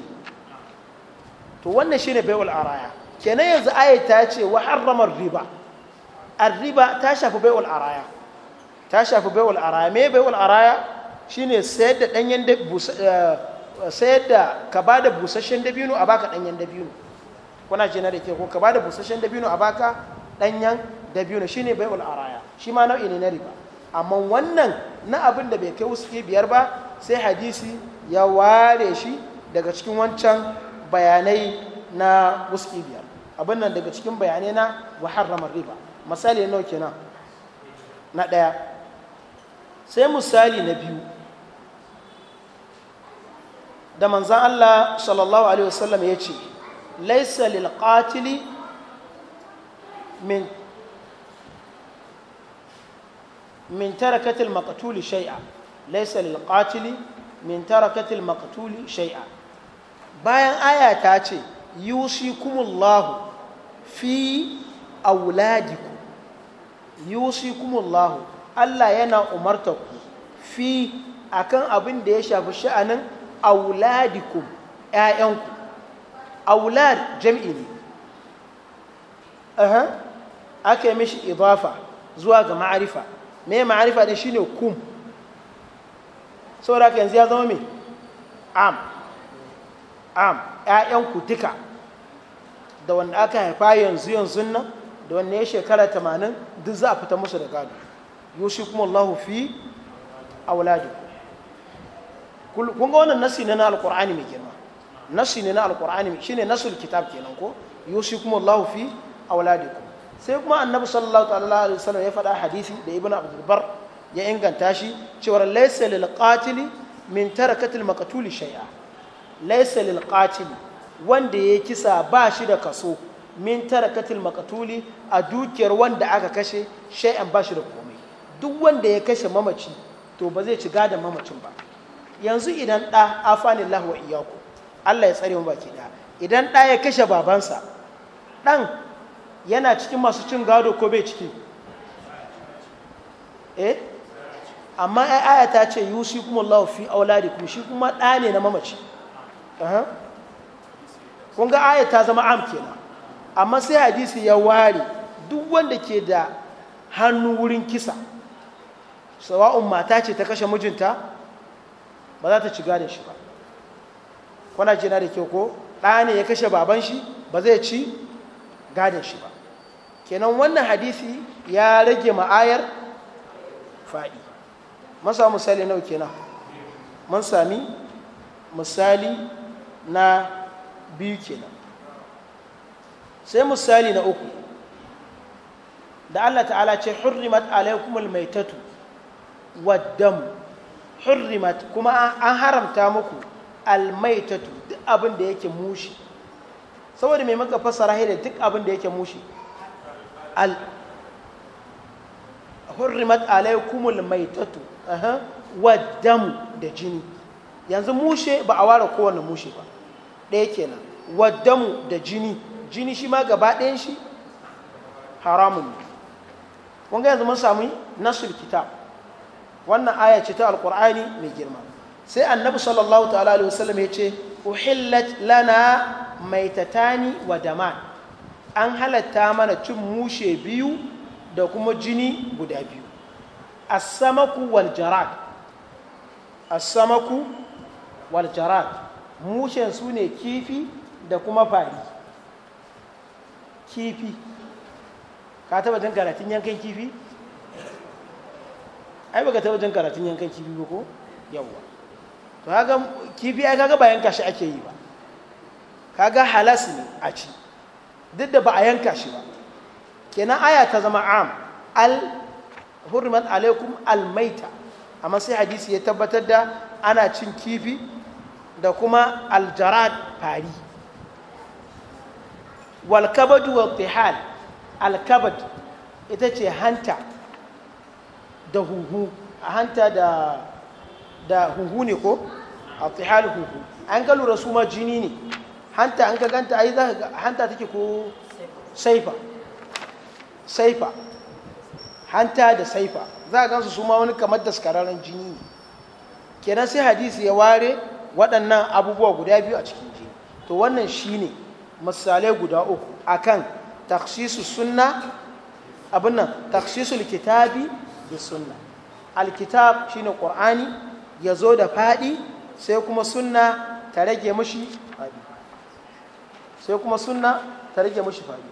to wannan shine baiwal araya kenan yanzu ayat ta ce wa harramar riba arriba ta shafi bai'ul araya ta shafi baiwal araya me baiwal araya shine sayar da ɗanyen eh, sayar da ka ba da busasshen dabino a baka ɗanyen dabino kuna ce na da ke ko ka ba da busasshen dabino a baka da ɗanyen na shine bai'ul araya shi ma nau'i ne na riba amma wannan na abin da bai kai wuski biyar ba sai hadisi ya ware shi daga cikin wancan bayanai na wuski biyar abin nan daga cikin bayanai na ramar riba misali nawa kenan na ɗaya sai misali na biyu da manzan Allah sallallahu alaihi wasallam ya ce laisa lil qatili min min tarakatil maqtuli shay'a laysa lil qatili min tarakatil maqtuli shay'a bayan aya ta ce yusikumullahu fi auladikum yusikumullahu Allah yana umarta fi akan abin da ya shafi sha'anin auladikum ƴaƴanku aulad jam'i ne aka yi mishi idafa zuwa ga ma'arifa me ma'arifa ne shine kum saboda aka yanzu ya zama me am am ƴaƴanku duka da wanda aka haifa yanzu yanzu nan da wanda ya shekara tamanin duk za a fita musu da gado yusufu Allahu fi auladikum kun ga wannan nasi ne na alkur'ani mai girma nasi ne na alkur'ani shine nasul kitab kenan ko yusikum Allahu fi auladikum sai kuma annabi sallallahu alaihi wasallam ya faɗa hadisi da ibn abdulbar ya inganta shi cewar laysa lil qatili min tarakatil maqtuli shay'a laysa lil qatili wanda ya kisa ba shi da kaso min tarakatil maqtuli a dukiyar wanda aka kashe shay'an ba shi da komai duk wanda ya kashe mamaci to ba zai ci da mamacin ba yanzu idan ɗa lahu wa iyaku Allah ya tsare mu baki da idan da ya kashe babansa dan. yana cikin masu cin gado ko bai ciki eh amma ai aya ta ce yusi kuma Allah fi kuma shi kuma da ne na mamaci kun ga aya ta zama am kenan amma sai hadisi ya ware duk wanda ke da hannu wurin kisa sawa'un mata ce ta kashe mijinta ba za ta ci gane shi ba Kuna jina da ke ko ɗa ne ya kashe baban shi ba zai ci gadon shi ba kenan wannan hadisi ya rage ma'ayar faɗi samu misali nau kenan mun sami misali na biyu kenan sai misali na uku da Allah ta'ala ce hurrimat alaikum maitatu waddam hurrimat kuma an haramta muku almaitatu duk abin da yake mushi saboda mai maka fassara hidda duk abin da yake mushi al hurrimat alaikumul maitatu wa damu da jini yanzu mushe ba a ware kowane mushe ba ɗaya kenan wa damu da jini jini shi ma gaba ɗayan shi haramun ne wanga yanzu mun sami nasir kitab wannan aya ce ta alkur'ani mai girma sai annabi sallallahu ta'ala alaihi wasallam ya ce uhillat lana maitatani wa damat an halatta mana cin mushe biyu da kuma jini guda biyu a samaku wal jarad samaku wal jarad mushen su ne kifi da kuma fari kifi ka taba jin karatun yankan kifi ai baka taba jin karatun yankan kifi ba ko yawwa to kifi ai kaga bayan kashi ake yi ba kaga halas ne a ci duk da ba a yanka shi ba kenan aya ta zama am al hurrimat alaikum al maita amma sai hadisi ya tabbatar da ana cin kifi da kuma aljarad fari walkabadu wa tihal alkabad ita ce hanta da huhu a hanta da da huhu ne ko a huhu an ga lura su jini ne hanta an ka ganta ai zaka hanta take ko saifa saifa hanta da saifa za a gansu su ma wani kamar da sakararren jini ne kenan sai hadisi ya ware waɗannan abubuwa guda biyu a cikin jini to wannan shi ne misalai guda uku akan taksisu sunna abin nan taksisul kitabi da sunna alkitab shine qur'ani ya zo da faɗi sai kuma sunna ta rage mashi faɗi sai kuma sunna ta rike mushi fadi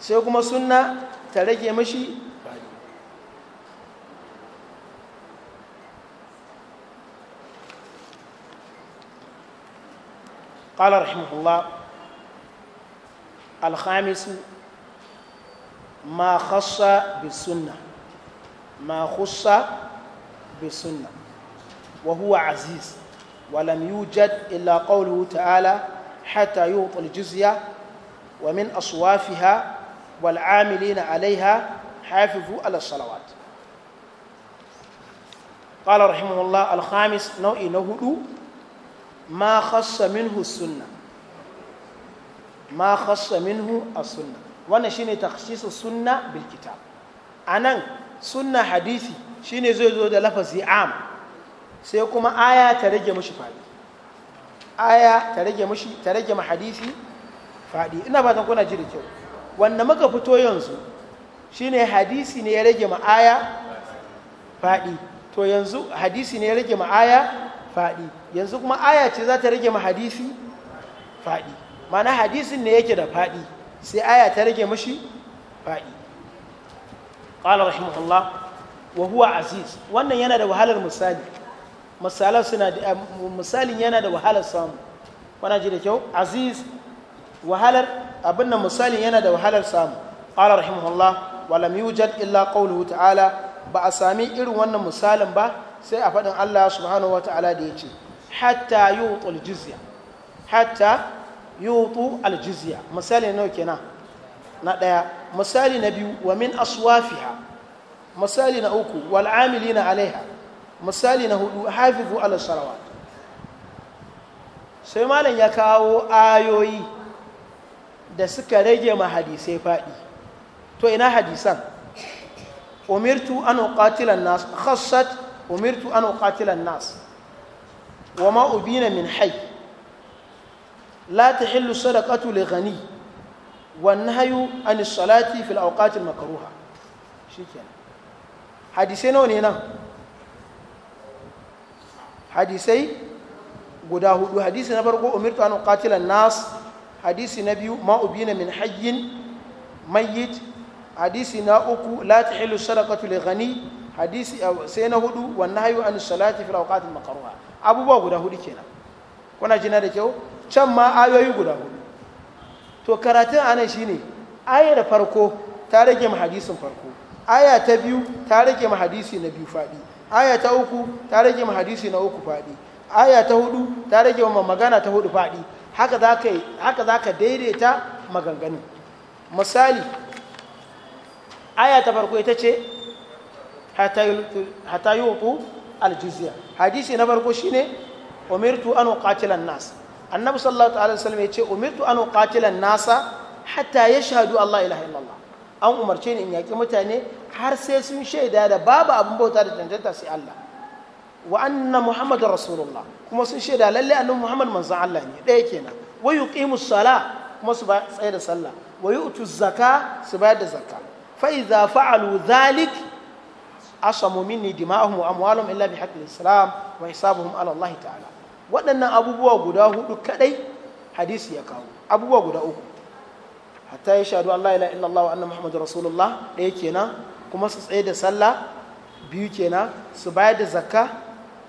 sai kuma sunna ta rage mashi fadi قال رحمه الله الخامس ما خص بالسنة ما خص بالسنة وهو عزيز ولم يوجد إلا قوله تعالى حتى يعطوا الجزية ومن أصوافها والعاملين عليها حافظوا على الصلوات قال رحمه الله الخامس نوع نهد ما خص منه السنة ما خص منه السنة وانا شيني تخصيص السنة بالكتاب أنا سنة حديثي شيني زي زي لفظي عام sai kuma aya ta rage mashi faɗi aya ta rage mashi ta rage ma faɗi ina fatan kuna ji da kyau wanda muka fito yanzu shine hadisi ne ya rage ma aya faɗi to yanzu hadisi ne ya rage ma aya faɗi yanzu kuma aya ce za ta rage ma hadisi faɗi mana hadisin ne yake da faɗi sai aya ta rage mashi faɗi قال رحمه الله وهو عزيز wannan yana da wahalar misali misalan suna da eh, misalin yana da wahalar samu wana ji da kyau aziz wahalar abin nan misalin yana da wahalar samu qala rahimahullah wa lam yujad illa qawluhu ta'ala ba a sami irin wannan misalin ba sai a faɗin Allah subhanahu ta'ala da ya ce hatta yutu aljizya hatta yutu aljizya misali nawa kenan na ɗaya misali na biyu wa min aswafiha misali na uku wal amilina alaiha misali na hudu hafizu ala salawat sai malam ya kawo ayoyi da suka rage ma hadisai faɗi to ina hadisan umirtu an uqatila nas khassat umirtu an uqatila nas wa ma ubina min hayy la tahillu sadaqatu li ghani wan nahyu an as-salati fil awqat al-makruha shikenan hadisai nawa ne nan hadisai guda hudu hadisi na farko umirtu an qatila nas hadisi na biyu ma ubina min hayyin mayyit hadisi na uku la tahilu sadaqatu li ghani hadisi eh, sai na hudu wa nahyu an salati fi awqat al abubuwa guda hudu kenan kuna jina da kyau can ma ayoyi guda hudu to karatun anan shine da farko ta rage mu hadisin farko aya ta biyu ta rage mu hadisi na biyu fadi aya ta uku ta rage ma hadisi na uku faɗi aya ta hudu ta rage ma magana ta hudu faɗi haka za ka daidaita maganganu misali aya ta farko ita ce Hata yi hutu aljiziya hadisi na farko shine umirtu an uqatila nasa annabi sallallahu alaihi wasallam ya ce umirtu an uqatila nasa hata ya shahadu allah ilaha illallah an umarce ni in yaƙi mutane har sai sun shaida da babu abin bauta da tantanta sai Allah wa anna muhammadar rasulullah kuma sun shaida lalle annabi muhammad manzon Allah ne ɗaya kenan wa yuqimus sala kuma su ba tsaye da sallah wa yu'tu zaka su bayar da zakka fa idza fa'alu dhalik asamu minni dima'ahum wa amwaluhum illa bi haqqil islam wa hisabuhum ala Allah ta'ala waɗannan abubuwa guda hudu kadai hadisi ya kawo abubuwa guda uku hatta ya shahadu Allah ila illa Allah wa anna Muhammadu Rasulullah ɗaya kenan kuma su tsaye da sallah biyu kenan su bayar da zakka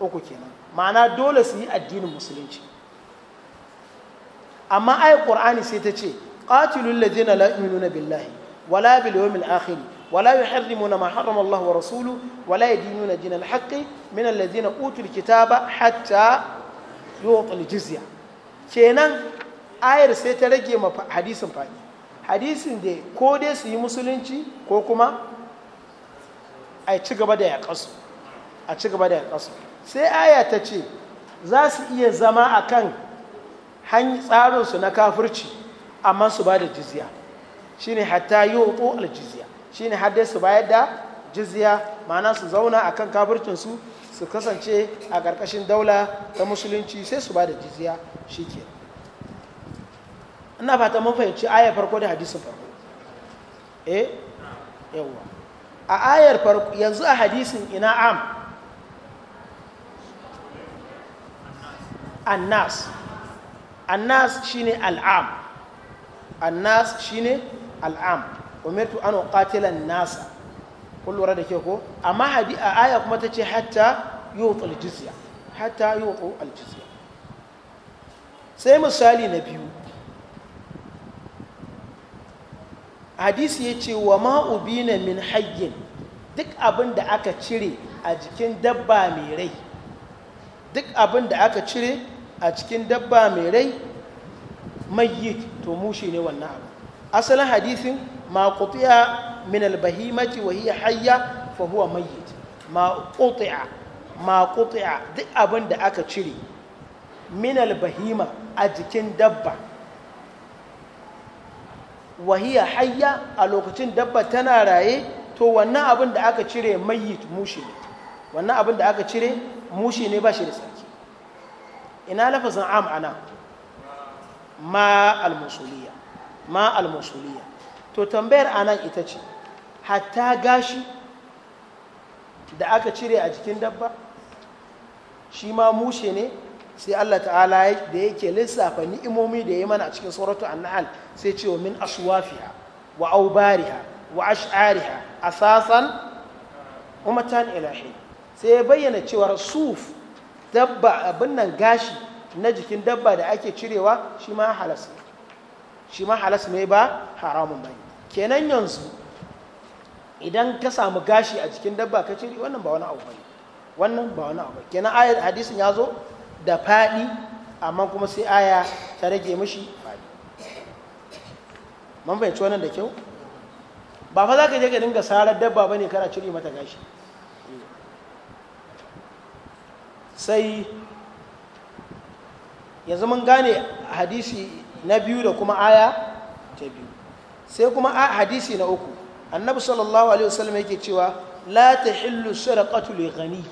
uku kenan ma'ana dole su yi addinin musulunci amma ayat Qur'ani sai ta ce qatilul ladina la yu'minuna billahi wala bil yawmil akhir ولا يحرمون ما حرم الله ورسوله ولا يدينون دين الحق من الذين اوتوا الكتاب حتى يعطوا الجزيه kenan ayar sai ta rage ma hadisin fadi hadisin da ko dai su yi musulunci ko kuma a ci gaba da yaƙasu a ci gaba da yaƙasu sai aya ta ce za su iya zama a kan hanyar tsarinsu na kafirci amma su ba da jizya shi ne hatta yi hoto aljiziya shi ne haddai su bayar da jizya ma'ana su zauna a kan kafircinsu su kasance a ƙarƙashin daula ta musulunci sai su ba da jizya shi kenan ina fata mun fahimci ayar farko da hadisin farko eh yawa a ayar farko yanzu a hadisin ina am annas annas shine al'am annas shine al'am umirtu an uqatila an-nasa kun da ke ko amma hadi a aya kuma tace hatta yuqul jizya hatta yuqul jizya sai misali na biyu hadisi ya ce wa ma'ubina min hayyin duk abin da aka cire a jikin dabba mai rai duk abin da aka cire a cikin dabba mai rai mayyit to mushi ne wannan abu asalin hadisin ma qutiya min albahimati wa hiya hayya fa huwa mayyit ma qutiya ma qutiya duk abin da aka cire min albahima a jikin dabba wahiya hayya a lokacin dabba tana raye to wannan abin da aka cire mayyit mushi ne wannan abin da aka cire mushi ne ba shi da sarki ina lafazin am ana ma al al-musuliyya ma al al-musuliyya to tambayar anan ita ce hatta gashi da aka cire a jikin dabba shi ma mushe ne sai Allah ta'ala da yake lissafa ni'imomi da ya mana a cikin suratu an sai ce wa min aswafiha wa aubariha wa ash'ariha asasan umatan ilahi sai ya bayyana cewar suf dabba abin nan gashi na jikin dabba da ake cirewa shi ma halas shi ma halas ne ba haramun bane kenan yanzu idan ka samu gashi a jikin dabba ka cire wannan ba wani abu bane wannan ba wani abu kenan ayat hadisin ya zo da faɗi amma kuma sai aya ta rage mashi faɗi man fahimci wannan da kyau ba fa za ka je ka dinga sarar dabba ba ne kana cire mata gashi sai yanzu mun gane hadisi na biyu da kuma aya ta biyu sai kuma hadisi na uku annabi sallallahu alaihi wasallam yake cewa la tahillu sadaqatu li ghani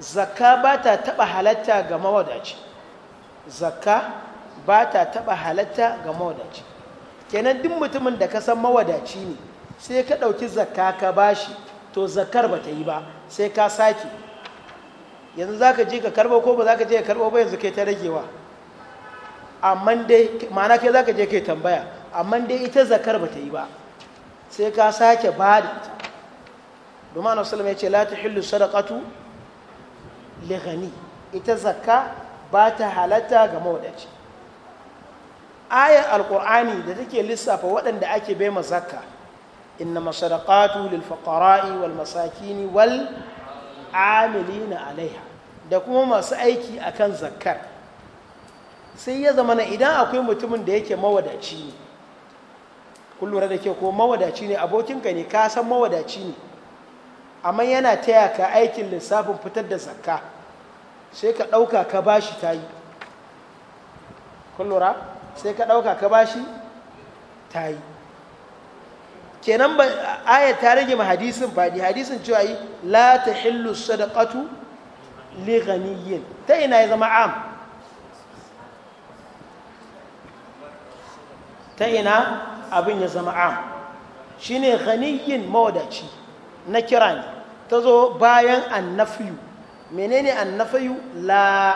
zakka ba ta taɓa halatta ga mawadaci zakka ba ta taɓa halatta ga mawadaci kenan duk mutumin da ka san mawadaci ne sai ka ɗauki zakka ka bashi to zakkar ba ta yi ba sai ka sake yanzu za ka je ka karɓo ko ba za ka je ka karɓo ba yanzu kai ta ragewa amma dai ma'ana kai za ka je kai tambaya amma dai ita zakar ba ta yi ba sai ka sake ba da ita domin anasulama ya ce la ta hillu sadaqatu ligani ita zakka ba ta halatta ga mawadaci ayar alkur'ani da take lissafa waɗanda ake bai ma zakka inna masadaqatu lil wal masakini wal na alaiha da kuma masu aiki akan zakkar sai ya zama na idan akwai mutumin da yake mawadaci ne kun da ke ko mawadaci ne abokinka ne ka san mawadaci ne amma yana taya ka aikin lissafin fitar da zakka sai ka ɗauka ka bashi ta yi kun lura sai ka ɗauka ka bashi ta yi kenan ba aya ta rage ma hadisin faɗi hadisin cewa yi la ta hillu sadaqatu li ghaniyin ta ina ya zama am ta ina abin ya zama am shine ghaniyin mawadaci na kira ne ta zo bayan annafiyu menene annafayu la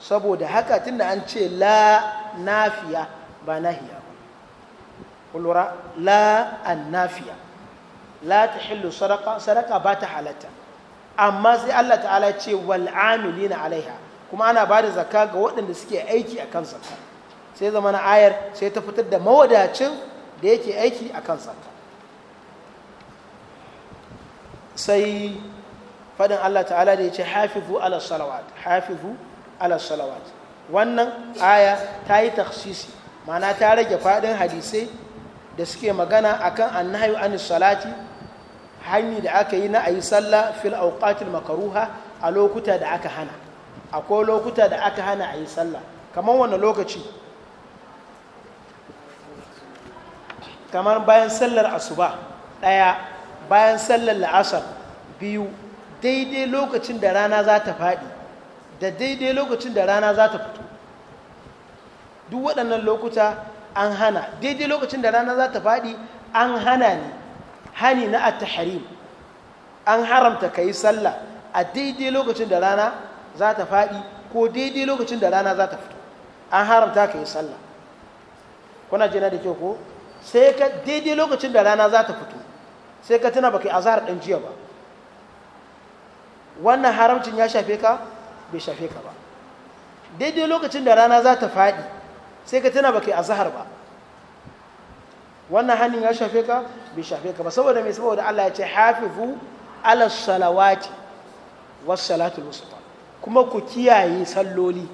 saboda haka tunda an ce la nafiya ba nahiya kulura la annafiya la ta hillu sadaka bata ba ta halatta amma sai Allah ta'ala ce wal amilina alaiha kuma ana ba da zakka ga waɗanda suke aiki a kan sai zama na ayar sai ta fitar da mawadacin da yake aiki a kan sai fadin Allah ta'ala da ya ce hafifu ala salawat hafifu ala salawat wannan aya ta yi taksisi mana ta rage fadin hadisai da suke magana akan annahayu an salati hanyi da aka yi na ayi salla fil auqatil makaruha a lokuta da aka hana akwai lokuta da aka hana ayi salla kamar wani lokaci kamar bayan sallar asuba ɗaya bayan sallar la'asar biyu daidai lokacin da rana za ta faɗi da daidai lokacin da rana za ta fito duk waɗannan lokuta an hana daidai lokacin da rana za ta faɗi an hana ne hani na at an haramta ka yi sallah a daidai lokacin da rana za ta faɗi ko daidai lokacin da rana za ta fito an haramta ka yi sallah kuna jina da kyau ko sai ka daidai lokacin da rana za ta fito sai ka tuna baki yi azhar ɗan jiya ba wannan haramcin ya shafe ka bai shafe ka ba daidai lokacin da rana za ta faɗi sai ka tuna baka yi zahar ba wannan hannun ya shafe ka bai shafe ka ba saboda mai saboda Allah ya ce hafifu ala salawati was wasu wusta kuma ku kiyaye salloli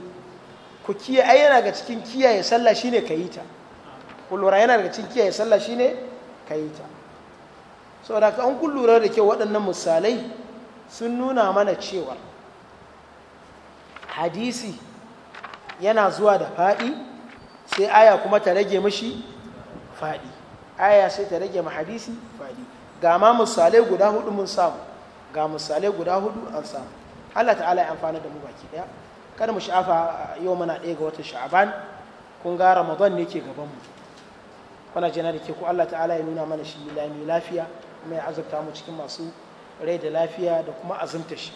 ku kiyaye yana ga cikin kiyaye sallah shine yi ta lura yana ga cikin kiyaye sallah shine yi ta saboda ka an kullura da kyau waɗannan misalai sun nuna mana cewa hadisi yana zuwa da faɗi sai aya kuma ta rage mashi faɗi aya sai ta rage ma hadisi faɗi ga ma misalai guda hudu mun samu ga misalai guda hudu an samu Allah ta'ala ya amfana da mu baki daya kada mu sha'afa yau muna ɗaya ga watan sha'aban kun ga ramadan ne ke gaban mu kuna jina da ke ku Allah ta'ala ya nuna mana shi lami lafiya kuma ya azabta mu cikin masu rai da lafiya da kuma azumta shi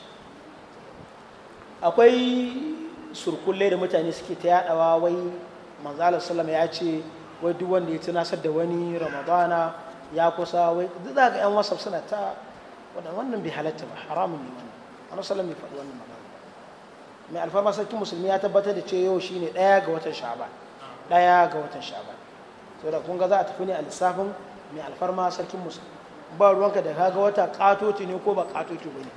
akwai surkulle da mutane suke ta yadawa wai manzala sallama ya ce wai duk wanda ya tunasar da wani ramadana ya kusa wai duk da ga yan wasaf suna ta wannan bai halatta ba haramun ne wannan annabi sallam bai faɗi wannan magana mai alfarma sarkin musulmi ya tabbatar da ce yau shine ɗaya ga watan sha'ban ɗaya ga watan sha'ban saboda kun ga za a tafi ne a lissafin mai alfarma sarkin musulmi ba ruwanka da kaga wata katoci ne ko ba katoci ba ne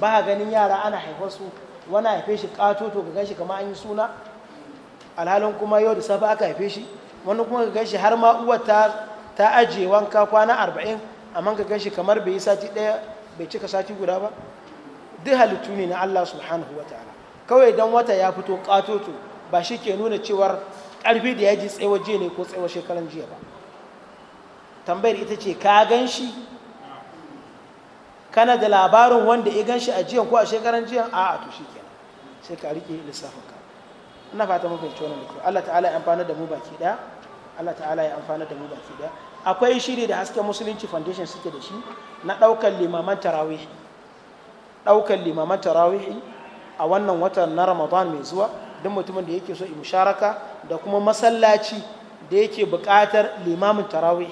ba ganin yara ana haifar su wani haife shi katoto ka gan shi kama an yi suna alhalin kuma yau da safe aka haife shi wani kuma ka gan har ma uwa ta ajiye wanka kwana arba'in amma ka gan kamar bai yi sati ɗaya bai cika sati guda ba duk halittu ne na allah subhanahu wa ta'ala kawai don wata ya fito katoto ba shi ke nuna cewar ƙarfi da yaji ji tsawon jiya ne ko tsawon shekaran jiya ba tambayar ita ce ka gan shi kana da labarin wanda ya gan shi a jiyan ko a shekaran jiyan a a tushe ke sai ka rike lissafin ka ina fata mafi fahimci da da Allah ta'ala ya amfana da mu baki daya Allah ta'ala ya amfana da mu baki daya akwai shiri da hasken musulunci foundation suke da shi na daukar limaman tarawih daukar limaman tarawih a wannan watan na Ramadan mai zuwa duk mutumin da yake so in musharaka da kuma masallaci da yake buƙatar limamin tarawih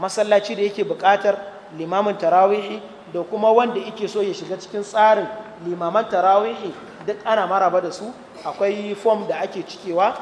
masallaci da yake buƙatar limamin tarawihi da kuma wanda ike so ya shiga cikin tsarin limaman tarawihi duk ana maraba da su akwai fom da ake cikewa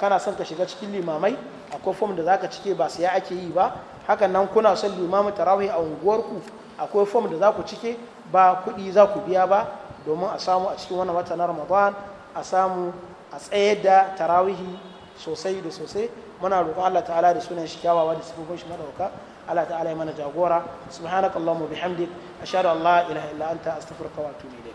kana son ka shiga cikin limamai akwai fom da zaka cike ba sai ake yi ba hakan nan kuna son limamin tarawihi a unguwarku akwai fom da za ku cike ba kuɗi za ku biya ba domin a samu a cikin wannan wata na ramadan a samu a tsayar da tarawihi sosai da sosai muna roƙon allah ta'ala da sunan shi kyawawa da sifofin shi madauka Allah ta'ala ya mana jagora subhanakallahumma bihamdik ashhadu an la ilaha illa anta astaghfiruka wa atubu